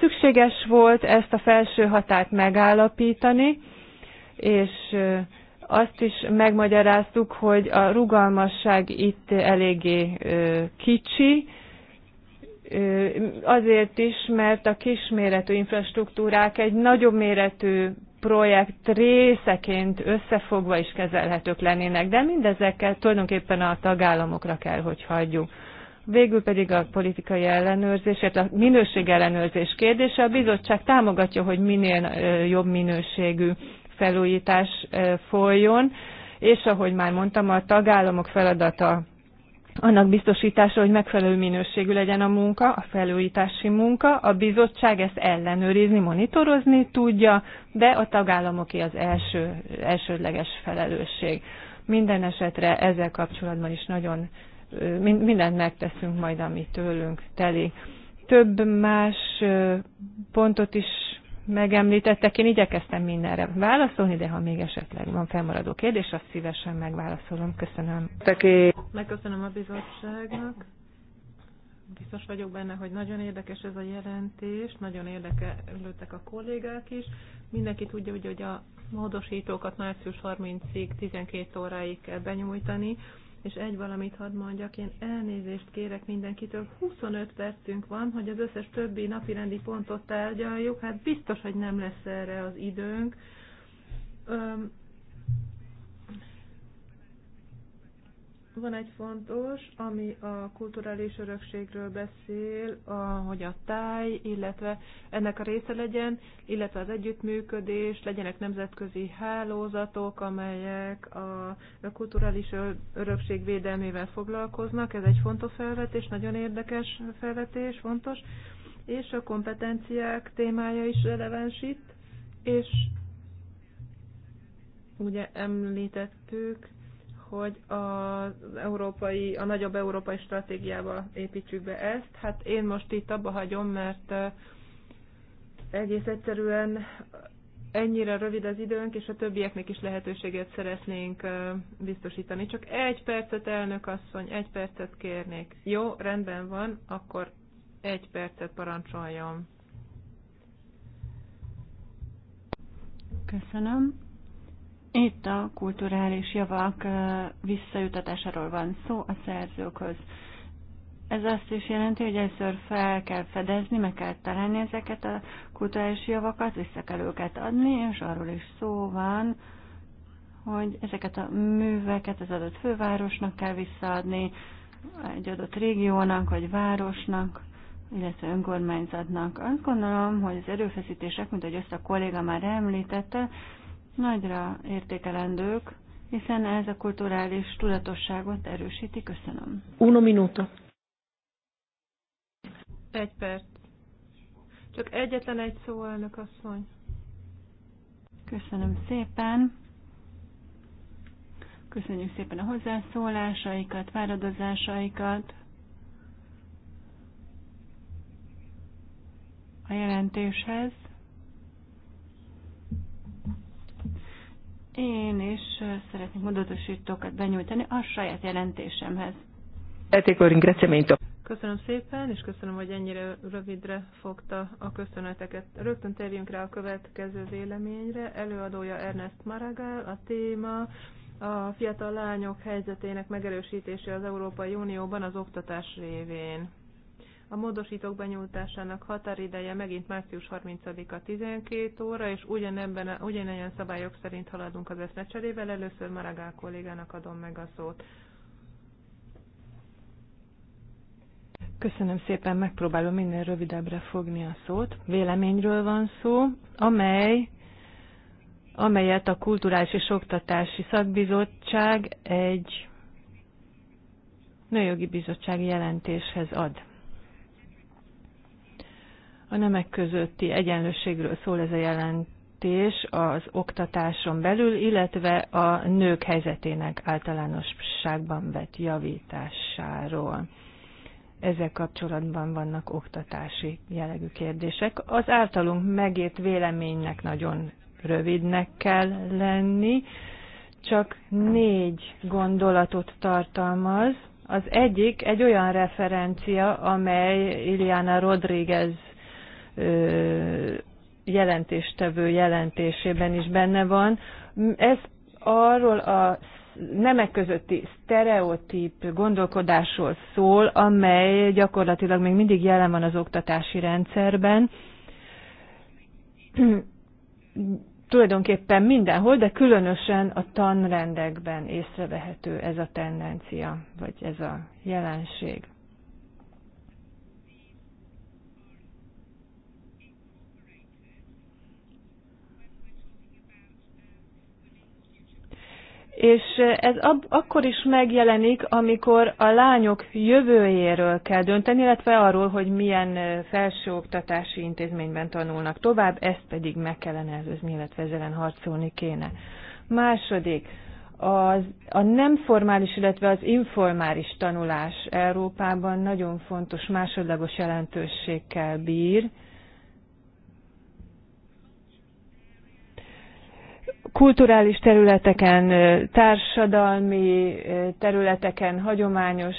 Szükséges volt ezt a felső határt megállapítani, és azt is megmagyaráztuk, hogy a rugalmasság itt eléggé kicsi, azért is, mert a kisméretű infrastruktúrák egy nagyobb méretű projekt részeként összefogva is kezelhetők lennének, de mindezeket tulajdonképpen a tagállamokra kell, hogy hagyjuk. Végül pedig a politikai ellenőrzés, hát a minőség ellenőrzés kérdése. A bizottság támogatja, hogy minél jobb minőségű felújítás folyjon, és ahogy már mondtam, a tagállamok feladata annak biztosítása, hogy megfelelő minőségű legyen a munka, a felújítási munka. A bizottság ezt ellenőrizni, monitorozni tudja, de a tagállamoké az első, elsődleges felelősség. Minden esetre ezzel kapcsolatban is nagyon mindent megteszünk majd, ami tőlünk telik. Több más pontot is megemlítettek, én igyekeztem mindenre válaszolni, de ha még esetleg van felmaradó kérdés, azt szívesen megválaszolom. Köszönöm. Megköszönöm a bizottságnak. Biztos vagyok benne, hogy nagyon érdekes ez a jelentés, nagyon érdekelődtek a kollégák is. Mindenki tudja, hogy a módosítókat március 30-ig 12 óráig kell benyújtani és egy valamit hadd mondjak, én elnézést kérek mindenkitől. 25 percünk van, hogy az összes többi napirendi pontot tárgyaljuk, hát biztos, hogy nem lesz erre az időnk. Van egy fontos, ami a kulturális örökségről beszél, a, hogy a táj, illetve ennek a része legyen, illetve az együttműködés, legyenek nemzetközi hálózatok, amelyek a, a kulturális örökség védelmével foglalkoznak. Ez egy fontos felvetés, nagyon érdekes felvetés, fontos. És a kompetenciák témája is releváns itt, és ugye említettük, hogy az európai, a nagyobb európai stratégiába építsük be ezt. Hát én most itt abba hagyom, mert eh, egész egyszerűen ennyire rövid az időnk, és a többieknek is lehetőséget szeretnénk eh, biztosítani. Csak egy percet, elnök asszony, egy percet kérnék. Jó, rendben van, akkor egy percet parancsoljon. Köszönöm. Itt a kulturális javak visszajutatásáról van szó a szerzőkhöz. Ez azt is jelenti, hogy először fel kell fedezni, meg kell találni ezeket a kulturális javakat, vissza kell őket adni, és arról is szó van, hogy ezeket a műveket az adott fővárosnak kell visszaadni, egy adott régiónak vagy városnak, illetve önkormányzatnak. Azt gondolom, hogy az erőfeszítések, mint ahogy ezt a kolléga már említette, nagyra értékelendők, hiszen ez a kulturális tudatosságot erősíti. Köszönöm. Uno minuto. Egy perc. Csak egyetlen egy szó, elnök asszony. Köszönöm szépen. Köszönjük szépen a hozzászólásaikat, fáradozásaikat. A jelentéshez. Én is szeretnék módosítókat benyújtani a saját jelentésemhez. Köszönöm szépen, és köszönöm, hogy ennyire rövidre fogta a köszöneteket. Rögtön térjünk rá a következő véleményre. Előadója Ernest Maragall, a téma a fiatal lányok helyzetének megerősítése az Európai Unióban az oktatás révén. A módosítók benyújtásának határideje megint március 30-a 12 óra, és ugyanebben ugyanilyen szabályok szerint haladunk az eszmecserével. Először Maragál kollégának adom meg a szót. Köszönöm szépen, megpróbálom minél rövidebbre fogni a szót. Véleményről van szó, amely amelyet a Kulturális és Oktatási Szakbizottság egy nőjogi bizottsági jelentéshez ad. A nemek közötti egyenlőségről szól ez a jelentés az oktatáson belül, illetve a nők helyzetének általánosságban vett javításáról. Ezzel kapcsolatban vannak oktatási jellegű kérdések. Az általunk megért véleménynek nagyon rövidnek kell lenni, csak négy gondolatot tartalmaz. Az egyik egy olyan referencia, amely Iliana Rodriguez jelentéstevő jelentésében is benne van. Ez arról a nemek közötti sztereotíp gondolkodásról szól, amely gyakorlatilag még mindig jelen van az oktatási rendszerben. Tulajdonképpen mindenhol, de különösen a tanrendekben észrevehető ez a tendencia, vagy ez a jelenség. és ez ab, akkor is megjelenik, amikor a lányok jövőjéről kell dönteni, illetve arról, hogy milyen felsőoktatási intézményben tanulnak tovább, ezt pedig meg kellene előzni, illetve ezzel harcolni kéne. Második, az, a nem formális, illetve az informális tanulás Európában nagyon fontos másodlagos jelentőségkel bír, kulturális területeken, társadalmi területeken, hagyományos,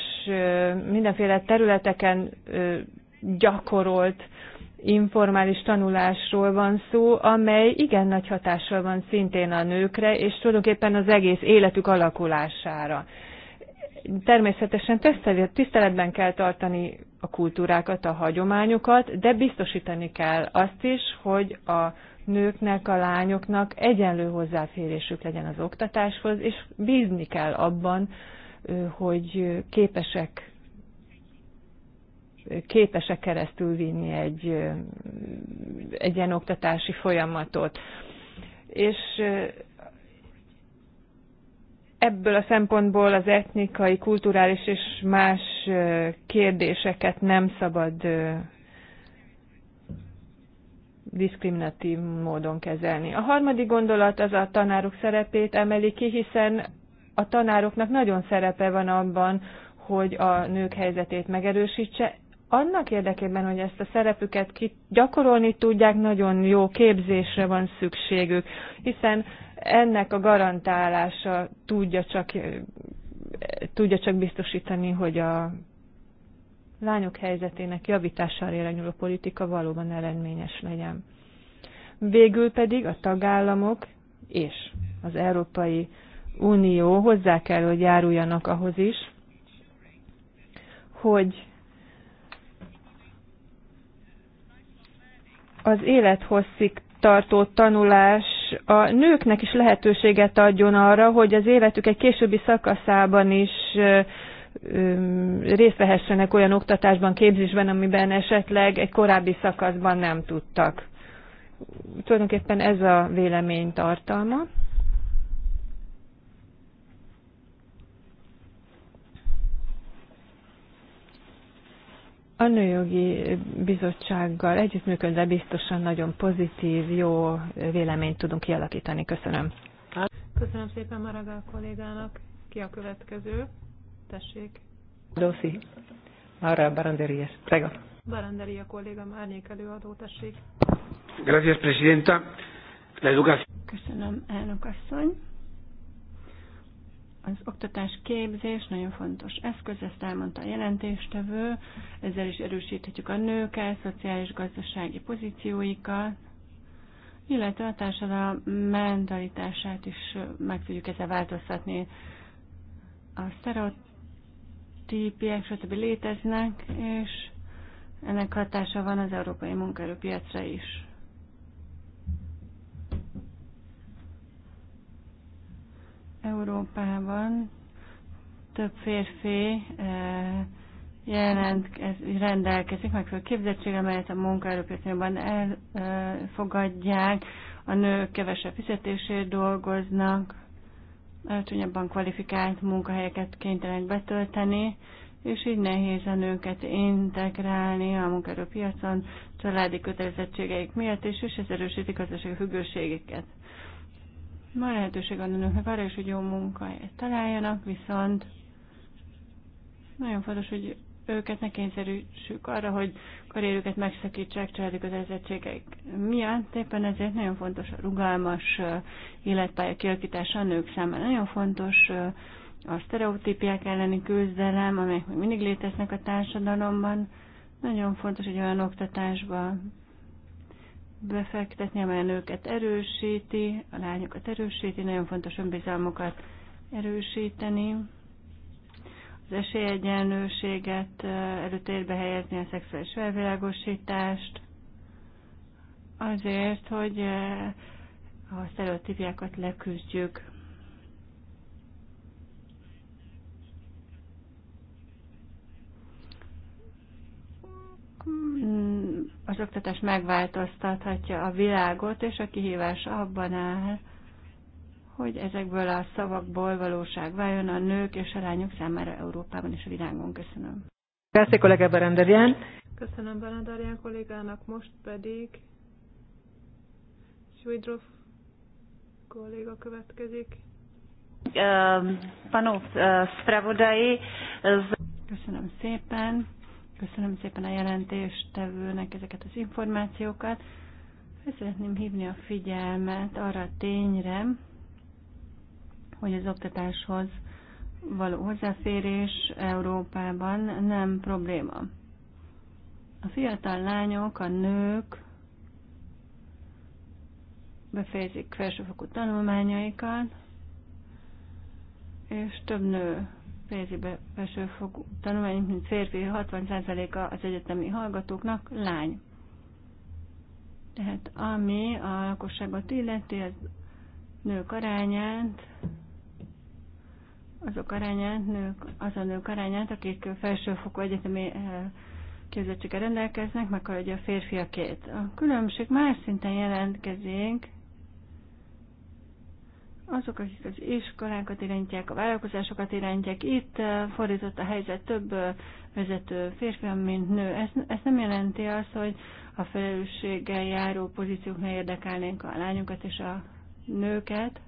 mindenféle területeken gyakorolt informális tanulásról van szó, amely igen nagy hatással van szintén a nőkre, és tulajdonképpen az egész életük alakulására. Természetesen tiszteletben kell tartani a kultúrákat, a hagyományokat, de biztosítani kell azt is, hogy a nőknek, a lányoknak egyenlő hozzáférésük legyen az oktatáshoz, és bízni kell abban, hogy képesek képesek keresztül vinni egy, egy ilyen oktatási folyamatot. És ebből a szempontból az etnikai, kulturális és más kérdéseket nem szabad diszkriminatív módon kezelni. A harmadik gondolat az a tanárok szerepét emeli ki, hiszen a tanároknak nagyon szerepe van abban, hogy a nők helyzetét megerősítse. Annak érdekében, hogy ezt a szerepüket gyakorolni tudják, nagyon jó képzésre van szükségük, hiszen ennek a garantálása tudja csak, tudja csak biztosítani, hogy a lányok helyzetének javítására irányuló politika valóban eredményes legyen. Végül pedig a tagállamok és az Európai Unió hozzá kell, hogy járuljanak ahhoz is, hogy az élethosszig tartó tanulás a nőknek is lehetőséget adjon arra, hogy az életük egy későbbi szakaszában is részt vehessenek olyan oktatásban, képzésben, amiben esetleg egy korábbi szakaszban nem tudtak. Tulajdonképpen ez a vélemény tartalma. A Nőjogi Bizottsággal együttműködve biztosan nagyon pozitív, jó véleményt tudunk kialakítani. Köszönöm. Köszönöm szépen Maragá kollégának. Ki a következő? Tessék. Doszi. Ahora, Baranderias. Prego. Baranderia kollégám, Márnyék előadó, tessék. Gracias, presidenta. La educación. Köszönöm, elnök asszony. Az oktatás képzés nagyon fontos eszköz, ezt elmondta a jelentéstevő, ezzel is erősíthetjük a nőket, szociális-gazdasági pozícióikat, illetve a társadalom mentalitását is meg tudjuk ezzel változtatni. A sztereotípus sztereotípiek, stb. léteznek, és ennek hatása van az európai munkaerőpiacra is. Európában több férfi eh, jelent, rendelkezik megfelelő képzettséggel, amelyet a munkaerőpiacban elfogadják, eh, a nők kevesebb fizetésért dolgoznak, alacsonyabban kvalifikált munkahelyeket kénytelenek betölteni, és így nehéz a nőket integrálni a munkaerőpiacon családi kötelezettségeik miatt, és, és ez erősíti gazdasági függőségeket. Ma lehetőség van a nőknek arra is, hogy jó munkahelyet találjanak, viszont nagyon fontos, hogy őket ne kényszerűsük arra, hogy karrierüket megszakítsák családi kötelezettségeik miatt. Éppen ezért nagyon fontos a rugalmas életpálya kialakítása a nők számára. Nagyon fontos a sztereotípiák elleni küzdelem, amelyek még mindig léteznek a társadalomban. Nagyon fontos egy olyan oktatásba befektetni, amely a nőket erősíti, a lányokat erősíti, nagyon fontos önbizalmukat erősíteni az esélyegyenlőséget előtérbe helyezni, a szexuális felvilágosítást, azért, hogy a sztereotípiákat leküzdjük. Az oktatás megváltoztathatja a világot, és a kihívás abban áll, hogy ezekből a szavakból valóság váljon a nők és a lányok számára Európában és a világon. Köszönöm. Köszönöm, kollega Berenderian. Köszönöm Berenderian kollégának, most pedig Svidrov kolléga következik. Ehm, panu eh, spravodai. Köszönöm szépen. Köszönöm szépen a jelentéstevőnek ezeket az információkat. Szeretném hívni a figyelmet arra a tényre, hogy az oktatáshoz való hozzáférés Európában nem probléma. A fiatal lányok, a nők befejezik felsőfokú tanulmányaikat, és több nő fejezi be felsőfokú tanulmányok, mint férfi, 60%-a az egyetemi hallgatóknak lány. Tehát ami a lakosságot illeti, az nők arányát azok arányát, nők, a nők arányát, akik felsőfokú egyetemi eh, képzettséggel rendelkeznek, meghaladja a férfiakét. A különbség más szinten jelentkezik, azok, akik az iskolákat irányítják, a vállalkozásokat irányítják, itt eh, fordított a helyzet több eh, vezető férfi, mint nő. Ez, ez nem jelenti azt, hogy a felelősséggel járó pozícióknál érdekelnénk a lányokat és a nőket,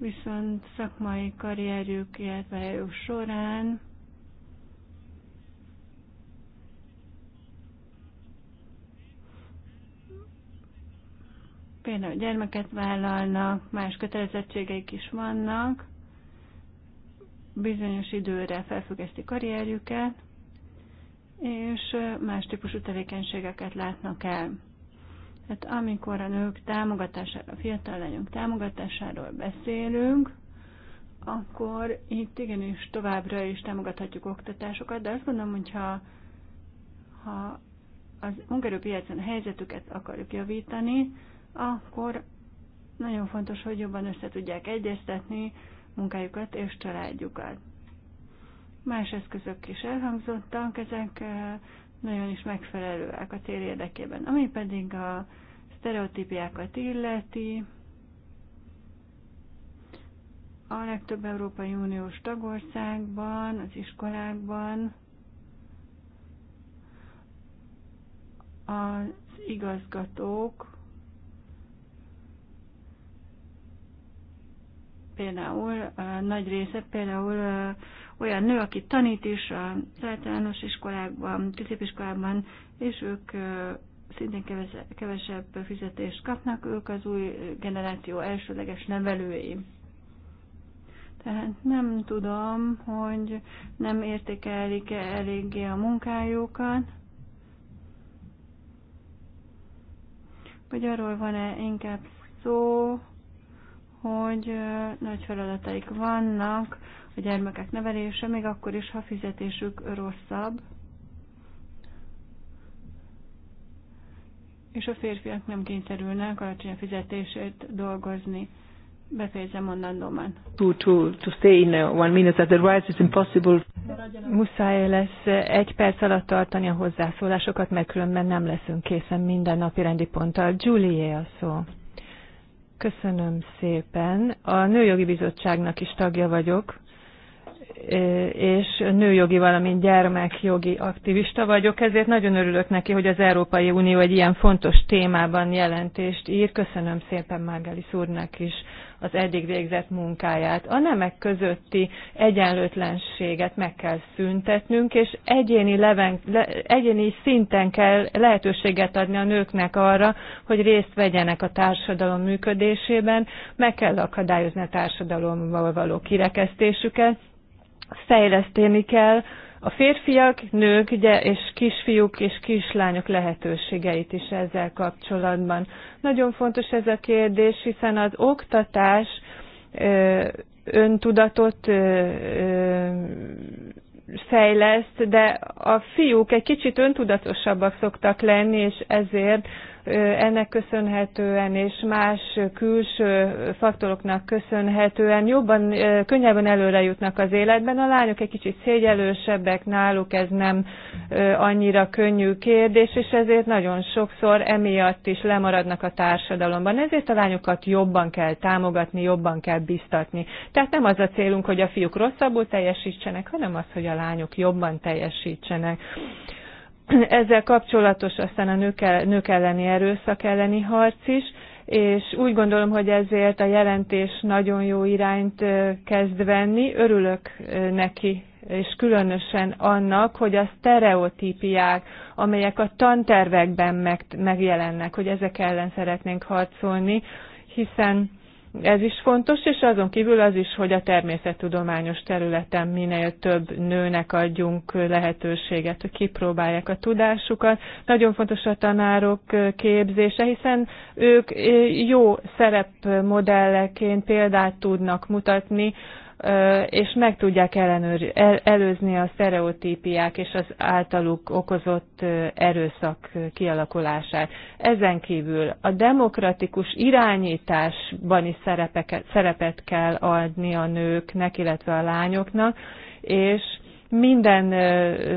viszont szakmai karrierjük, illetve során például gyermeket vállalnak, más kötelezettségeik is vannak, bizonyos időre felfüggeszti karrierjüket, és más típusú tevékenységeket látnak el. Tehát amikor a nők támogatására, a fiatal lányok támogatásáról beszélünk, akkor itt igenis továbbra is támogathatjuk oktatásokat, de azt gondolom, hogy ha, ha az munkerőpiacon a helyzetüket akarjuk javítani, akkor nagyon fontos, hogy jobban össze tudják egyeztetni munkájukat és családjukat. Más eszközök is elhangzottak, ezek nagyon is megfelelőek a cél érdekében. Ami pedig a sztereotípiákat illeti, a legtöbb Európai Uniós tagországban, az iskolákban az igazgatók például a nagy része például olyan nő, aki tanít is a általános iskolákban, középiskolában, és ők szintén kevesebb fizetést kapnak, ők az új generáció elsőleges nevelői. Tehát nem tudom, hogy nem értékelik-e eléggé a munkájukat, vagy arról van-e inkább szó, hogy nagy feladataik vannak, gyermekek nevelése, még akkor is, ha fizetésük rosszabb, és a férfiak nem kényszerülnek alacsony fizetését dolgozni. Befejezem mondandómat. To, to, to stay in uh, one minute, otherwise it's impossible. Muszáj lesz uh, egy perc alatt tartani a hozzászólásokat, mert különben nem leszünk készen minden napi rendi ponttal. Julie a szó. Köszönöm szépen. A Nőjogi Bizottságnak is tagja vagyok, és nőjogi, valamint gyermekjogi aktivista vagyok, ezért nagyon örülök neki, hogy az Európai Unió egy ilyen fontos témában jelentést ír. Köszönöm szépen Mágeli úrnak is az eddig végzett munkáját. A nemek közötti egyenlőtlenséget meg kell szüntetnünk, és egyéni, leven, le, egyéni szinten kell lehetőséget adni a nőknek arra, hogy részt vegyenek a társadalom működésében, meg kell akadályozni a társadalomban való kirekesztésüket, fejleszteni kell a férfiak, nők ugye, és kisfiúk és kislányok lehetőségeit is ezzel kapcsolatban. Nagyon fontos ez a kérdés, hiszen az oktatás öntudatot fejleszt, de a fiúk egy kicsit öntudatosabbak szoktak lenni, és ezért ennek köszönhetően és más külső faktoroknak köszönhetően jobban, könnyebben előre jutnak az életben. A lányok egy kicsit szégyelősebbek náluk, ez nem annyira könnyű kérdés, és ezért nagyon sokszor emiatt is lemaradnak a társadalomban. Ezért a lányokat jobban kell támogatni, jobban kell biztatni. Tehát nem az a célunk, hogy a fiúk rosszabbul teljesítsenek, hanem az, hogy a lányok jobban teljesítsenek. Ezzel kapcsolatos aztán a nők, el, nők elleni erőszak elleni harc is, és úgy gondolom, hogy ezért a jelentés nagyon jó irányt kezd venni. Örülök neki, és különösen annak, hogy a sztereotípiák, amelyek a tantervekben meg, megjelennek, hogy ezek ellen szeretnénk harcolni, hiszen ez is fontos, és azon kívül az is, hogy a természettudományos területen minél több nőnek adjunk lehetőséget, hogy kipróbálják a tudásukat. Nagyon fontos a tanárok képzése, hiszen ők jó szerepmodelleként példát tudnak mutatni és meg tudják ellenőri, el, előzni a sztereotípiák és az általuk okozott erőszak kialakulását. Ezen kívül a demokratikus irányításban is szerepet kell adni a nőknek, illetve a lányoknak, és minden,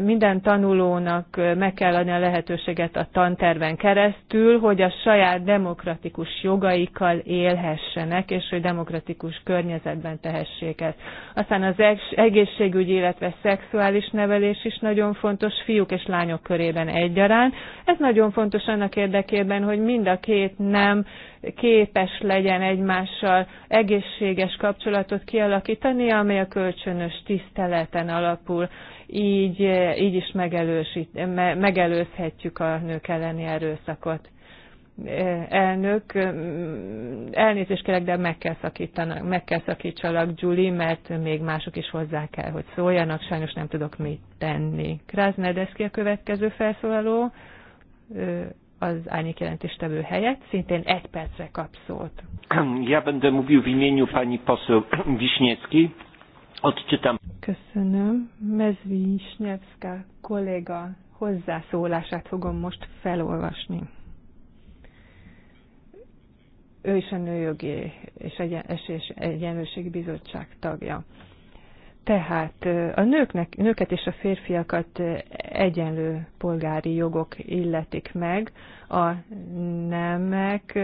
minden tanulónak meg kell adni a lehetőséget a tanterven keresztül, hogy a saját demokratikus jogaikkal élhessenek, és hogy demokratikus környezetben tehessék ezt. Aztán az egészségügyi, illetve szexuális nevelés is nagyon fontos, fiúk és lányok körében egyaránt. Ez nagyon fontos annak érdekében, hogy mind a két nem képes legyen egymással egészséges kapcsolatot kialakítani, amely a kölcsönös tiszteleten alapul például, így, így is megelősít, megelőzhetjük a nők elleni erőszakot. E, elnök, elnézést kérek, de meg kell, szakítanak, meg kell szakítsalak, Julie, mert még mások is hozzá kell, hogy szóljanak, sajnos nem tudok mit tenni. Krasznedeszki a következő felszólaló az árnyék jelentéstevő helyett, szintén egy percre kap szót. Ja będę mówił w imieniu pani poseł Wiśniecki. Odczytam. Köszönöm. Mezvi Snyevska kolléga hozzászólását fogom most felolvasni. Ő is a Nőjogi és Egyen Egyenlőség Bizottság tagja. Tehát a nőknek, nőket és a férfiakat egyenlő polgári jogok illetik meg, a nemek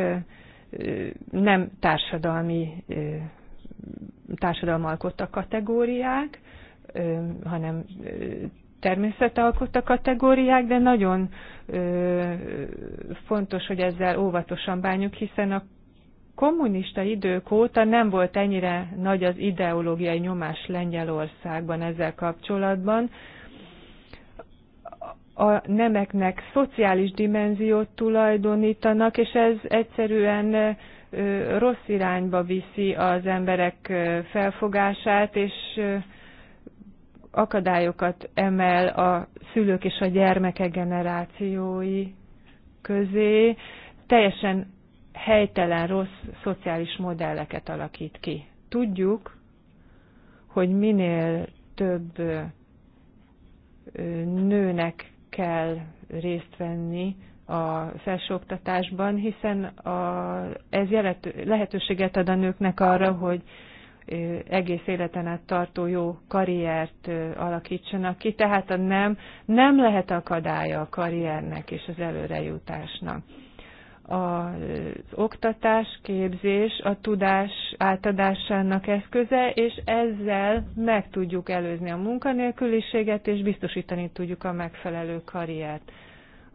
nem társadalmi társadalmalkotta kategóriák, hanem természetalkotta kategóriák, de nagyon fontos, hogy ezzel óvatosan bánjuk, hiszen a kommunista idők óta nem volt ennyire nagy az ideológiai nyomás Lengyelországban ezzel kapcsolatban. A nemeknek szociális dimenziót tulajdonítanak, és ez egyszerűen rossz irányba viszi az emberek felfogását, és akadályokat emel a szülők és a gyermekek generációi közé, teljesen helytelen rossz szociális modelleket alakít ki. Tudjuk, hogy minél több nőnek kell részt venni a felsőoktatásban, hiszen a, ez jelető, lehetőséget ad a nőknek arra, hogy egész életen át tartó jó karriert alakítsanak ki, tehát a nem, nem lehet akadálya a karriernek és az előrejutásnak. Az oktatás, képzés a tudás átadásának eszköze, és ezzel meg tudjuk előzni a munkanélküliséget, és biztosítani tudjuk a megfelelő karriert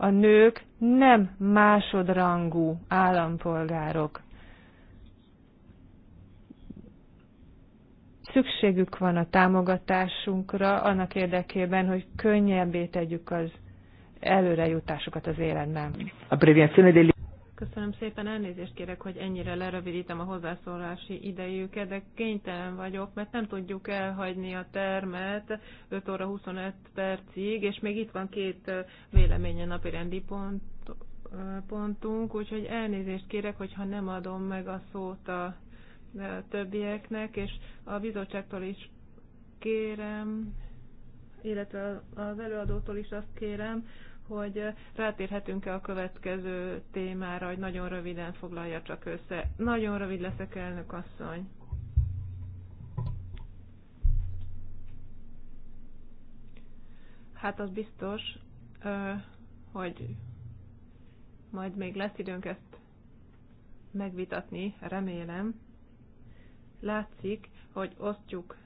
a nők nem másodrangú állampolgárok. Szükségük van a támogatásunkra annak érdekében, hogy könnyebbé tegyük az előrejutásokat az életben. A Köszönöm szépen, elnézést kérek, hogy ennyire lerövidítem a hozzászólási idejüket, de kénytelen vagyok, mert nem tudjuk elhagyni a termet 5 óra 25 percig, és még itt van két véleménye napi rendi pont, pontunk, úgyhogy elnézést kérek, hogyha nem adom meg a szót a többieknek, és a bizottságtól is kérem, illetve az előadótól is azt kérem, hogy rátérhetünk-e a következő témára, hogy nagyon röviden foglalja csak össze. Nagyon rövid leszek, elnök asszony. Hát az biztos, hogy majd még lesz időnk ezt megvitatni, remélem. Látszik, hogy osztjuk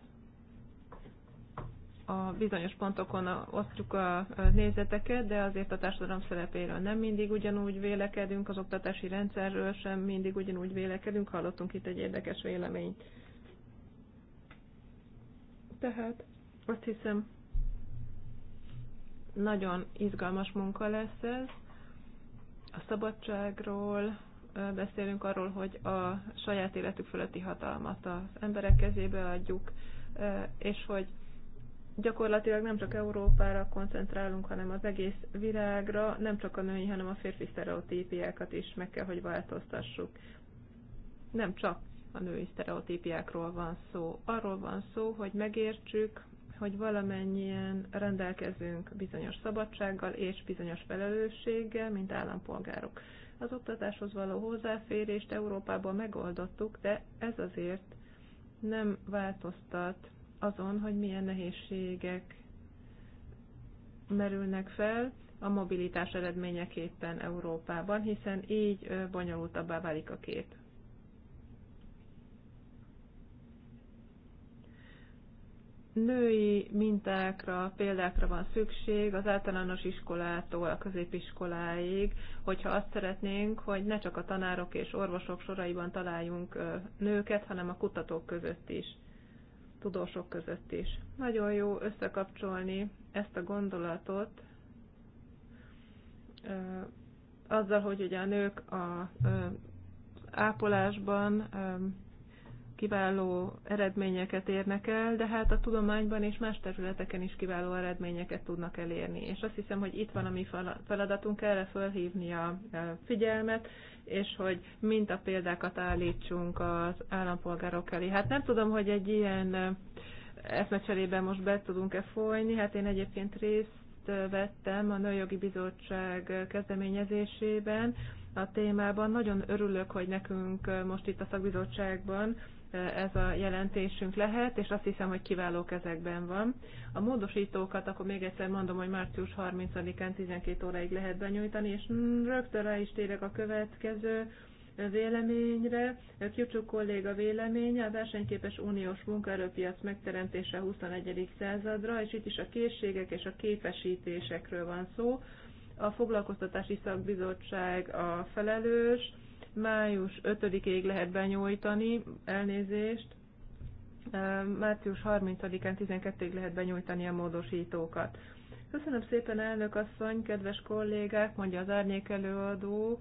a bizonyos pontokon osztjuk a nézeteket, de azért a társadalom szerepéről nem mindig ugyanúgy vélekedünk, az oktatási rendszerről sem mindig ugyanúgy vélekedünk, hallottunk itt egy érdekes véleményt. Tehát azt hiszem, nagyon izgalmas munka lesz ez. A szabadságról beszélünk arról, hogy a saját életük fölötti hatalmat az emberek kezébe adjuk, és hogy gyakorlatilag nem csak Európára koncentrálunk, hanem az egész világra, nem csak a női, hanem a férfi sztereotípiákat is meg kell, hogy változtassuk. Nem csak a női sztereotípiákról van szó. Arról van szó, hogy megértsük, hogy valamennyien rendelkezünk bizonyos szabadsággal és bizonyos felelősséggel, mint állampolgárok. Az oktatáshoz való hozzáférést Európában megoldottuk, de ez azért nem változtat azon, hogy milyen nehézségek merülnek fel a mobilitás eredményeképpen Európában, hiszen így bonyolultabbá válik a kép. Női mintákra, példákra van szükség az általános iskolától a középiskoláig, hogyha azt szeretnénk, hogy ne csak a tanárok és orvosok soraiban találjunk nőket, hanem a kutatók között is tudósok között is. Nagyon jó összekapcsolni ezt a gondolatot azzal, hogy ugye a nők a ápolásban kiváló eredményeket érnek el, de hát a tudományban és más területeken is kiváló eredményeket tudnak elérni. És azt hiszem, hogy itt van a mi feladatunk erre fölhívni a figyelmet, és hogy mint a példákat állítsunk az állampolgárok elé. Hát nem tudom, hogy egy ilyen eszmecserében most be tudunk-e folyni, hát én egyébként részt vettem a Nőjogi Bizottság kezdeményezésében a témában. Nagyon örülök, hogy nekünk most itt a szakbizottságban ez a jelentésünk lehet, és azt hiszem, hogy kiváló kezekben van. A módosítókat akkor még egyszer mondom, hogy március 30-án 12 óráig lehet benyújtani, és rögtön rá is térek a következő véleményre. Kjucsuk kolléga véleménye a versenyképes uniós munkaerőpiac megteremtése a 21. századra, és itt is a készségek és a képesítésekről van szó. A foglalkoztatási szakbizottság a felelős, május 5-ig lehet benyújtani, elnézést, március 30-án 12-ig lehet benyújtani a módosítókat. Köszönöm szépen, elnök asszony, kedves kollégák, mondja az árnyék előadó.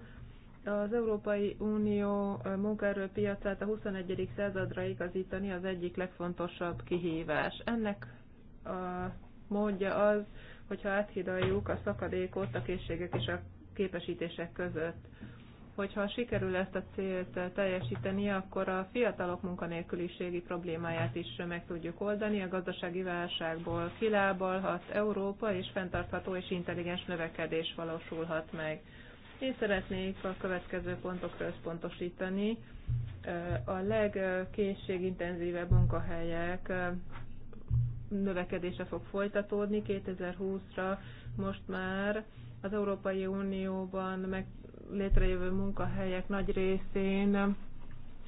Az Európai Unió munkaerőpiacát a 21. századra igazítani az egyik legfontosabb kihívás. Ennek a módja az, hogyha áthidaljuk a szakadékot a készségek és a képesítések között hogyha sikerül ezt a célt teljesíteni, akkor a fiatalok munkanélküliségi problémáját is meg tudjuk oldani, a gazdasági válságból kilábalhat Európa, és fenntartható és intelligens növekedés valósulhat meg. Én szeretnék a következő pontokra összpontosítani. A legkészségintenzívebb munkahelyek növekedése fog folytatódni 2020-ra, most már az Európai Unióban meg létrejövő munkahelyek nagy részén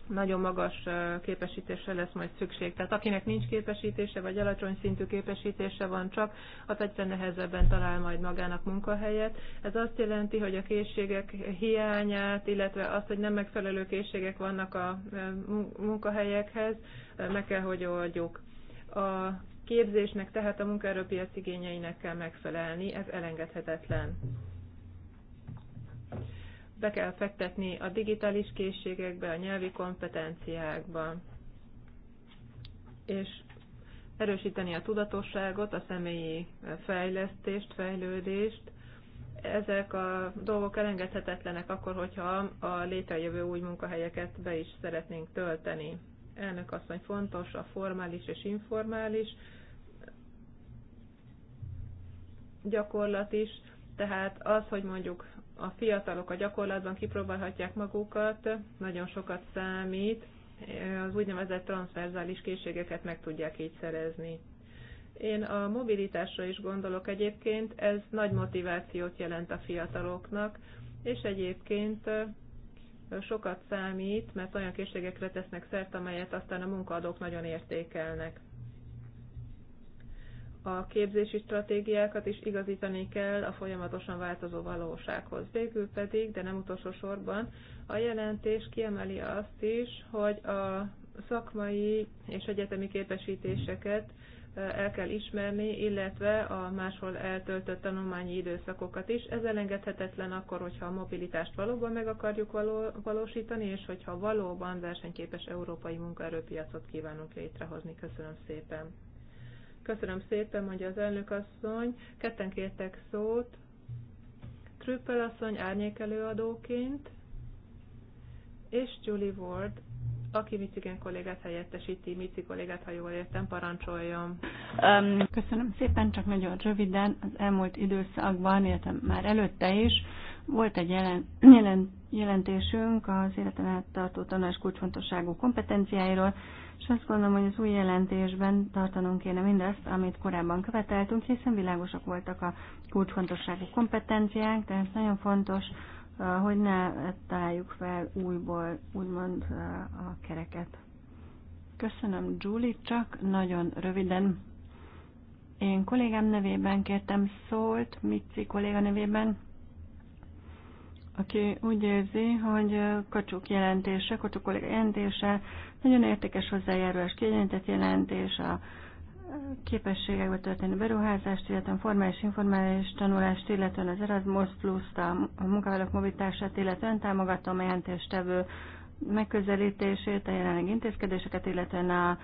nagyon magas képesítésre lesz majd szükség. Tehát akinek nincs képesítése, vagy alacsony szintű képesítése van csak, az egyre nehezebben talál majd magának munkahelyet. Ez azt jelenti, hogy a készségek hiányát, illetve azt, hogy nem megfelelő készségek vannak a munkahelyekhez, meg kell, hogy oldjuk. A képzésnek, tehát a munkaerőpiac igényeinek kell megfelelni, ez elengedhetetlen be kell fektetni a digitális készségekbe, a nyelvi kompetenciákba, és erősíteni a tudatosságot, a személyi fejlesztést, fejlődést. Ezek a dolgok elengedhetetlenek akkor, hogyha a létrejövő új munkahelyeket be is szeretnénk tölteni. Elnök asszony fontos a formális és informális gyakorlat is, tehát az, hogy mondjuk a fiatalok a gyakorlatban kipróbálhatják magukat, nagyon sokat számít, az úgynevezett transzverzális készségeket meg tudják így szerezni. Én a mobilitásra is gondolok egyébként, ez nagy motivációt jelent a fiataloknak, és egyébként sokat számít, mert olyan készségekre tesznek szert, amelyet aztán a munkaadók nagyon értékelnek a képzési stratégiákat is igazítani kell a folyamatosan változó valósághoz. Végül pedig, de nem utolsó sorban, a jelentés kiemeli azt is, hogy a szakmai és egyetemi képesítéseket el kell ismerni, illetve a máshol eltöltött tanulmányi időszakokat is. Ez elengedhetetlen akkor, hogyha a mobilitást valóban meg akarjuk való, valósítani, és hogyha valóban versenyképes európai munkaerőpiacot kívánunk létrehozni. Köszönöm szépen! Köszönöm szépen, mondja az elnök asszony. Ketten kértek szót. Trüppel asszony árnyékelőadóként, és Julie Ward, aki Micigen kollégát helyettesíti, Mici kollégát, ha jól értem, parancsoljon. Um, köszönöm szépen, csak nagyon röviden. Az elmúlt időszakban, illetve már előtte is, volt egy jelen, jelen, jelentésünk az életen át tartó tanulás kulcsfontosságú kompetenciáiról, és azt gondolom, hogy az új jelentésben tartanunk kéne mindazt, amit korábban követeltünk, hiszen világosak voltak a kulcsfontosságú kompetenciák, tehát nagyon fontos, hogy ne találjuk fel újból, úgymond a kereket. Köszönöm, Julie, csak nagyon röviden. Én kollégám nevében kértem szólt, Mici kolléga nevében, aki úgy érzi, hogy Kacsuk jelentése, Kacsuk kolléga jelentése nagyon értékes hozzájárulás jelent, és a képességekbe történő beruházást, illetve formális informális tanulást, illetve az Erasmus plus a munkavállalók mobilitását, illetve támogatom a jelentéstevő megközelítését, a jelenleg intézkedéseket, illetve a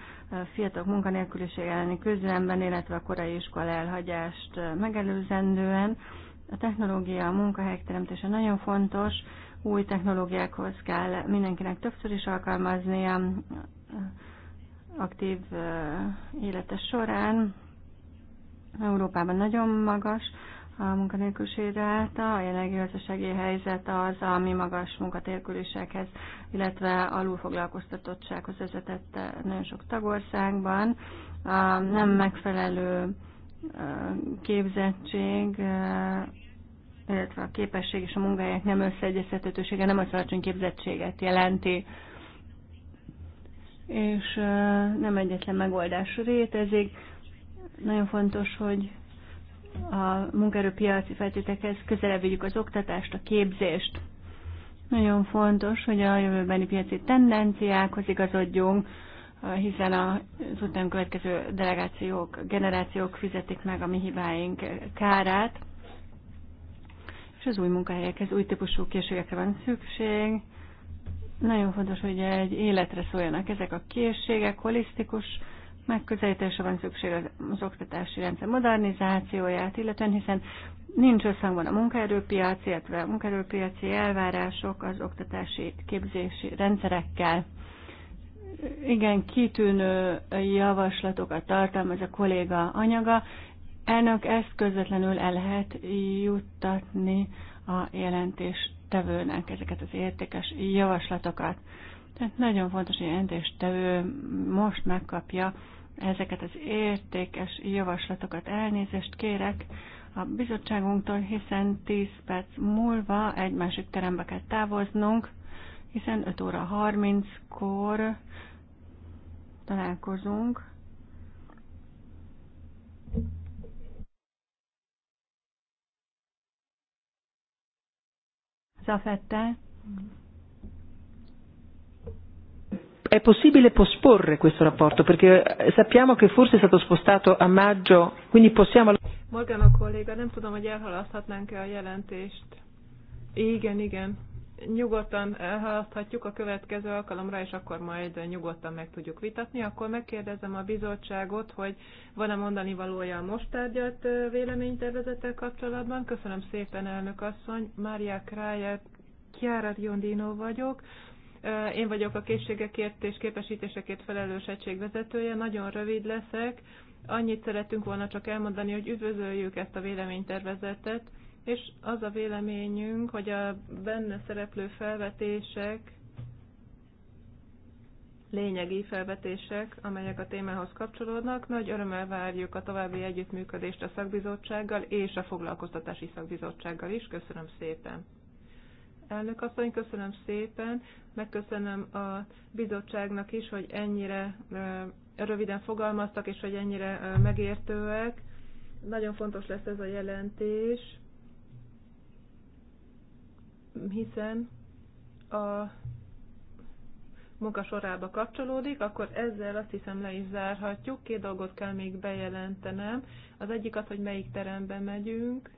fiatalok munkanélküliség elleni küzdelemben, illetve a korai iskola elhagyást megelőzendően. A technológia, a munkahelyek teremtése nagyon fontos, új technológiákhoz kell mindenkinek többször is alkalmaznia aktív élete során. Európában nagyon magas a munkanélküliség ráta, a jelenlegi gazdasági helyzet az, ami magas munkatérkülésekhez, illetve alulfoglalkoztatottsághoz vezetett nagyon sok tagországban. A nem megfelelő képzettség illetve a képesség és a munkahelyek nem összeegyeztethetősége nem az alacsony képzettséget jelenti, és nem egyetlen megoldás rétezik. Nagyon fontos, hogy a munkaerőpiaci feltétekhez közelebb vigyük az oktatást, a képzést. Nagyon fontos, hogy a jövőbeni piaci tendenciákhoz igazodjunk, hiszen az után következő delegációk, generációk fizetik meg a mi hibáink kárát és az új munkahelyekhez új típusú készségekre van szükség. Nagyon fontos, hogy egy életre szóljanak ezek a készségek, holisztikus megközelítésre van szükség az, az oktatási rendszer modernizációját, illetően hiszen nincs összhangban a munkaerőpiac, illetve a munkaerőpiaci elvárások az oktatási képzési rendszerekkel. Igen, kitűnő javaslatokat tartalmaz a kolléga anyaga, elnök ezt közvetlenül el lehet juttatni a jelentés tevőnek ezeket az értékes javaslatokat. Tehát nagyon fontos, hogy a jelentéstevő most megkapja ezeket az értékes javaslatokat. Elnézést kérek a bizottságunktól, hiszen 10 perc múlva egy másik terembe kell távoznunk, hiszen 5 óra 30-kor találkozunk. Zafette. È possibile posporre questo rapporto perché sappiamo che forse è stato spostato a maggio, quindi possiamo... Morgana collega, non tudom, hogy elhalaszthatnánk-e a jelentést. Igen, igen nyugodtan elhalaszthatjuk a következő alkalomra, és akkor majd nyugodtan meg tudjuk vitatni. Akkor megkérdezem a bizottságot, hogy van-e mondani valója a most tárgyalt véleménytervezettel kapcsolatban. Köszönöm szépen, elnök asszony. Mária Krájer, Chiara Riondino vagyok. Én vagyok a készségekért és képesítésekért felelős egység vezetője. Nagyon rövid leszek. Annyit szeretünk volna csak elmondani, hogy üdvözöljük ezt a véleménytervezetet és az a véleményünk, hogy a benne szereplő felvetések lényegi felvetések, amelyek a témához kapcsolódnak. Nagy örömmel várjuk a további együttműködést a szakbizottsággal és a foglalkoztatási szakbizottsággal is. Köszönöm szépen! Elnök asszony, köszönöm szépen, megköszönöm a bizottságnak is, hogy ennyire röviden fogalmaztak, és hogy ennyire megértőek. Nagyon fontos lesz ez a jelentés hiszen a munka sorába kapcsolódik, akkor ezzel azt hiszem le is zárhatjuk. Két dolgot kell még bejelentenem. Az egyik az, hogy melyik terembe megyünk,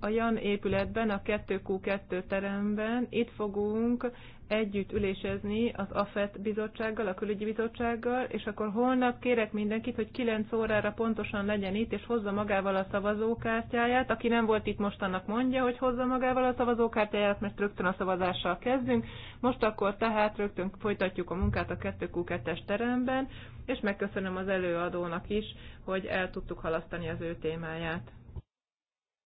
a Jan épületben, a 2Q2 teremben. Itt fogunk együtt ülésezni az AFET bizottsággal, a külügyi bizottsággal, és akkor holnap kérek mindenkit, hogy 9 órára pontosan legyen itt, és hozza magával a szavazókártyáját. Aki nem volt itt most, annak mondja, hogy hozza magával a szavazókártyáját, mert rögtön a szavazással kezdünk. Most akkor tehát rögtön folytatjuk a munkát a 2Q2-es teremben, és megköszönöm az előadónak is, hogy el tudtuk halasztani az ő témáját.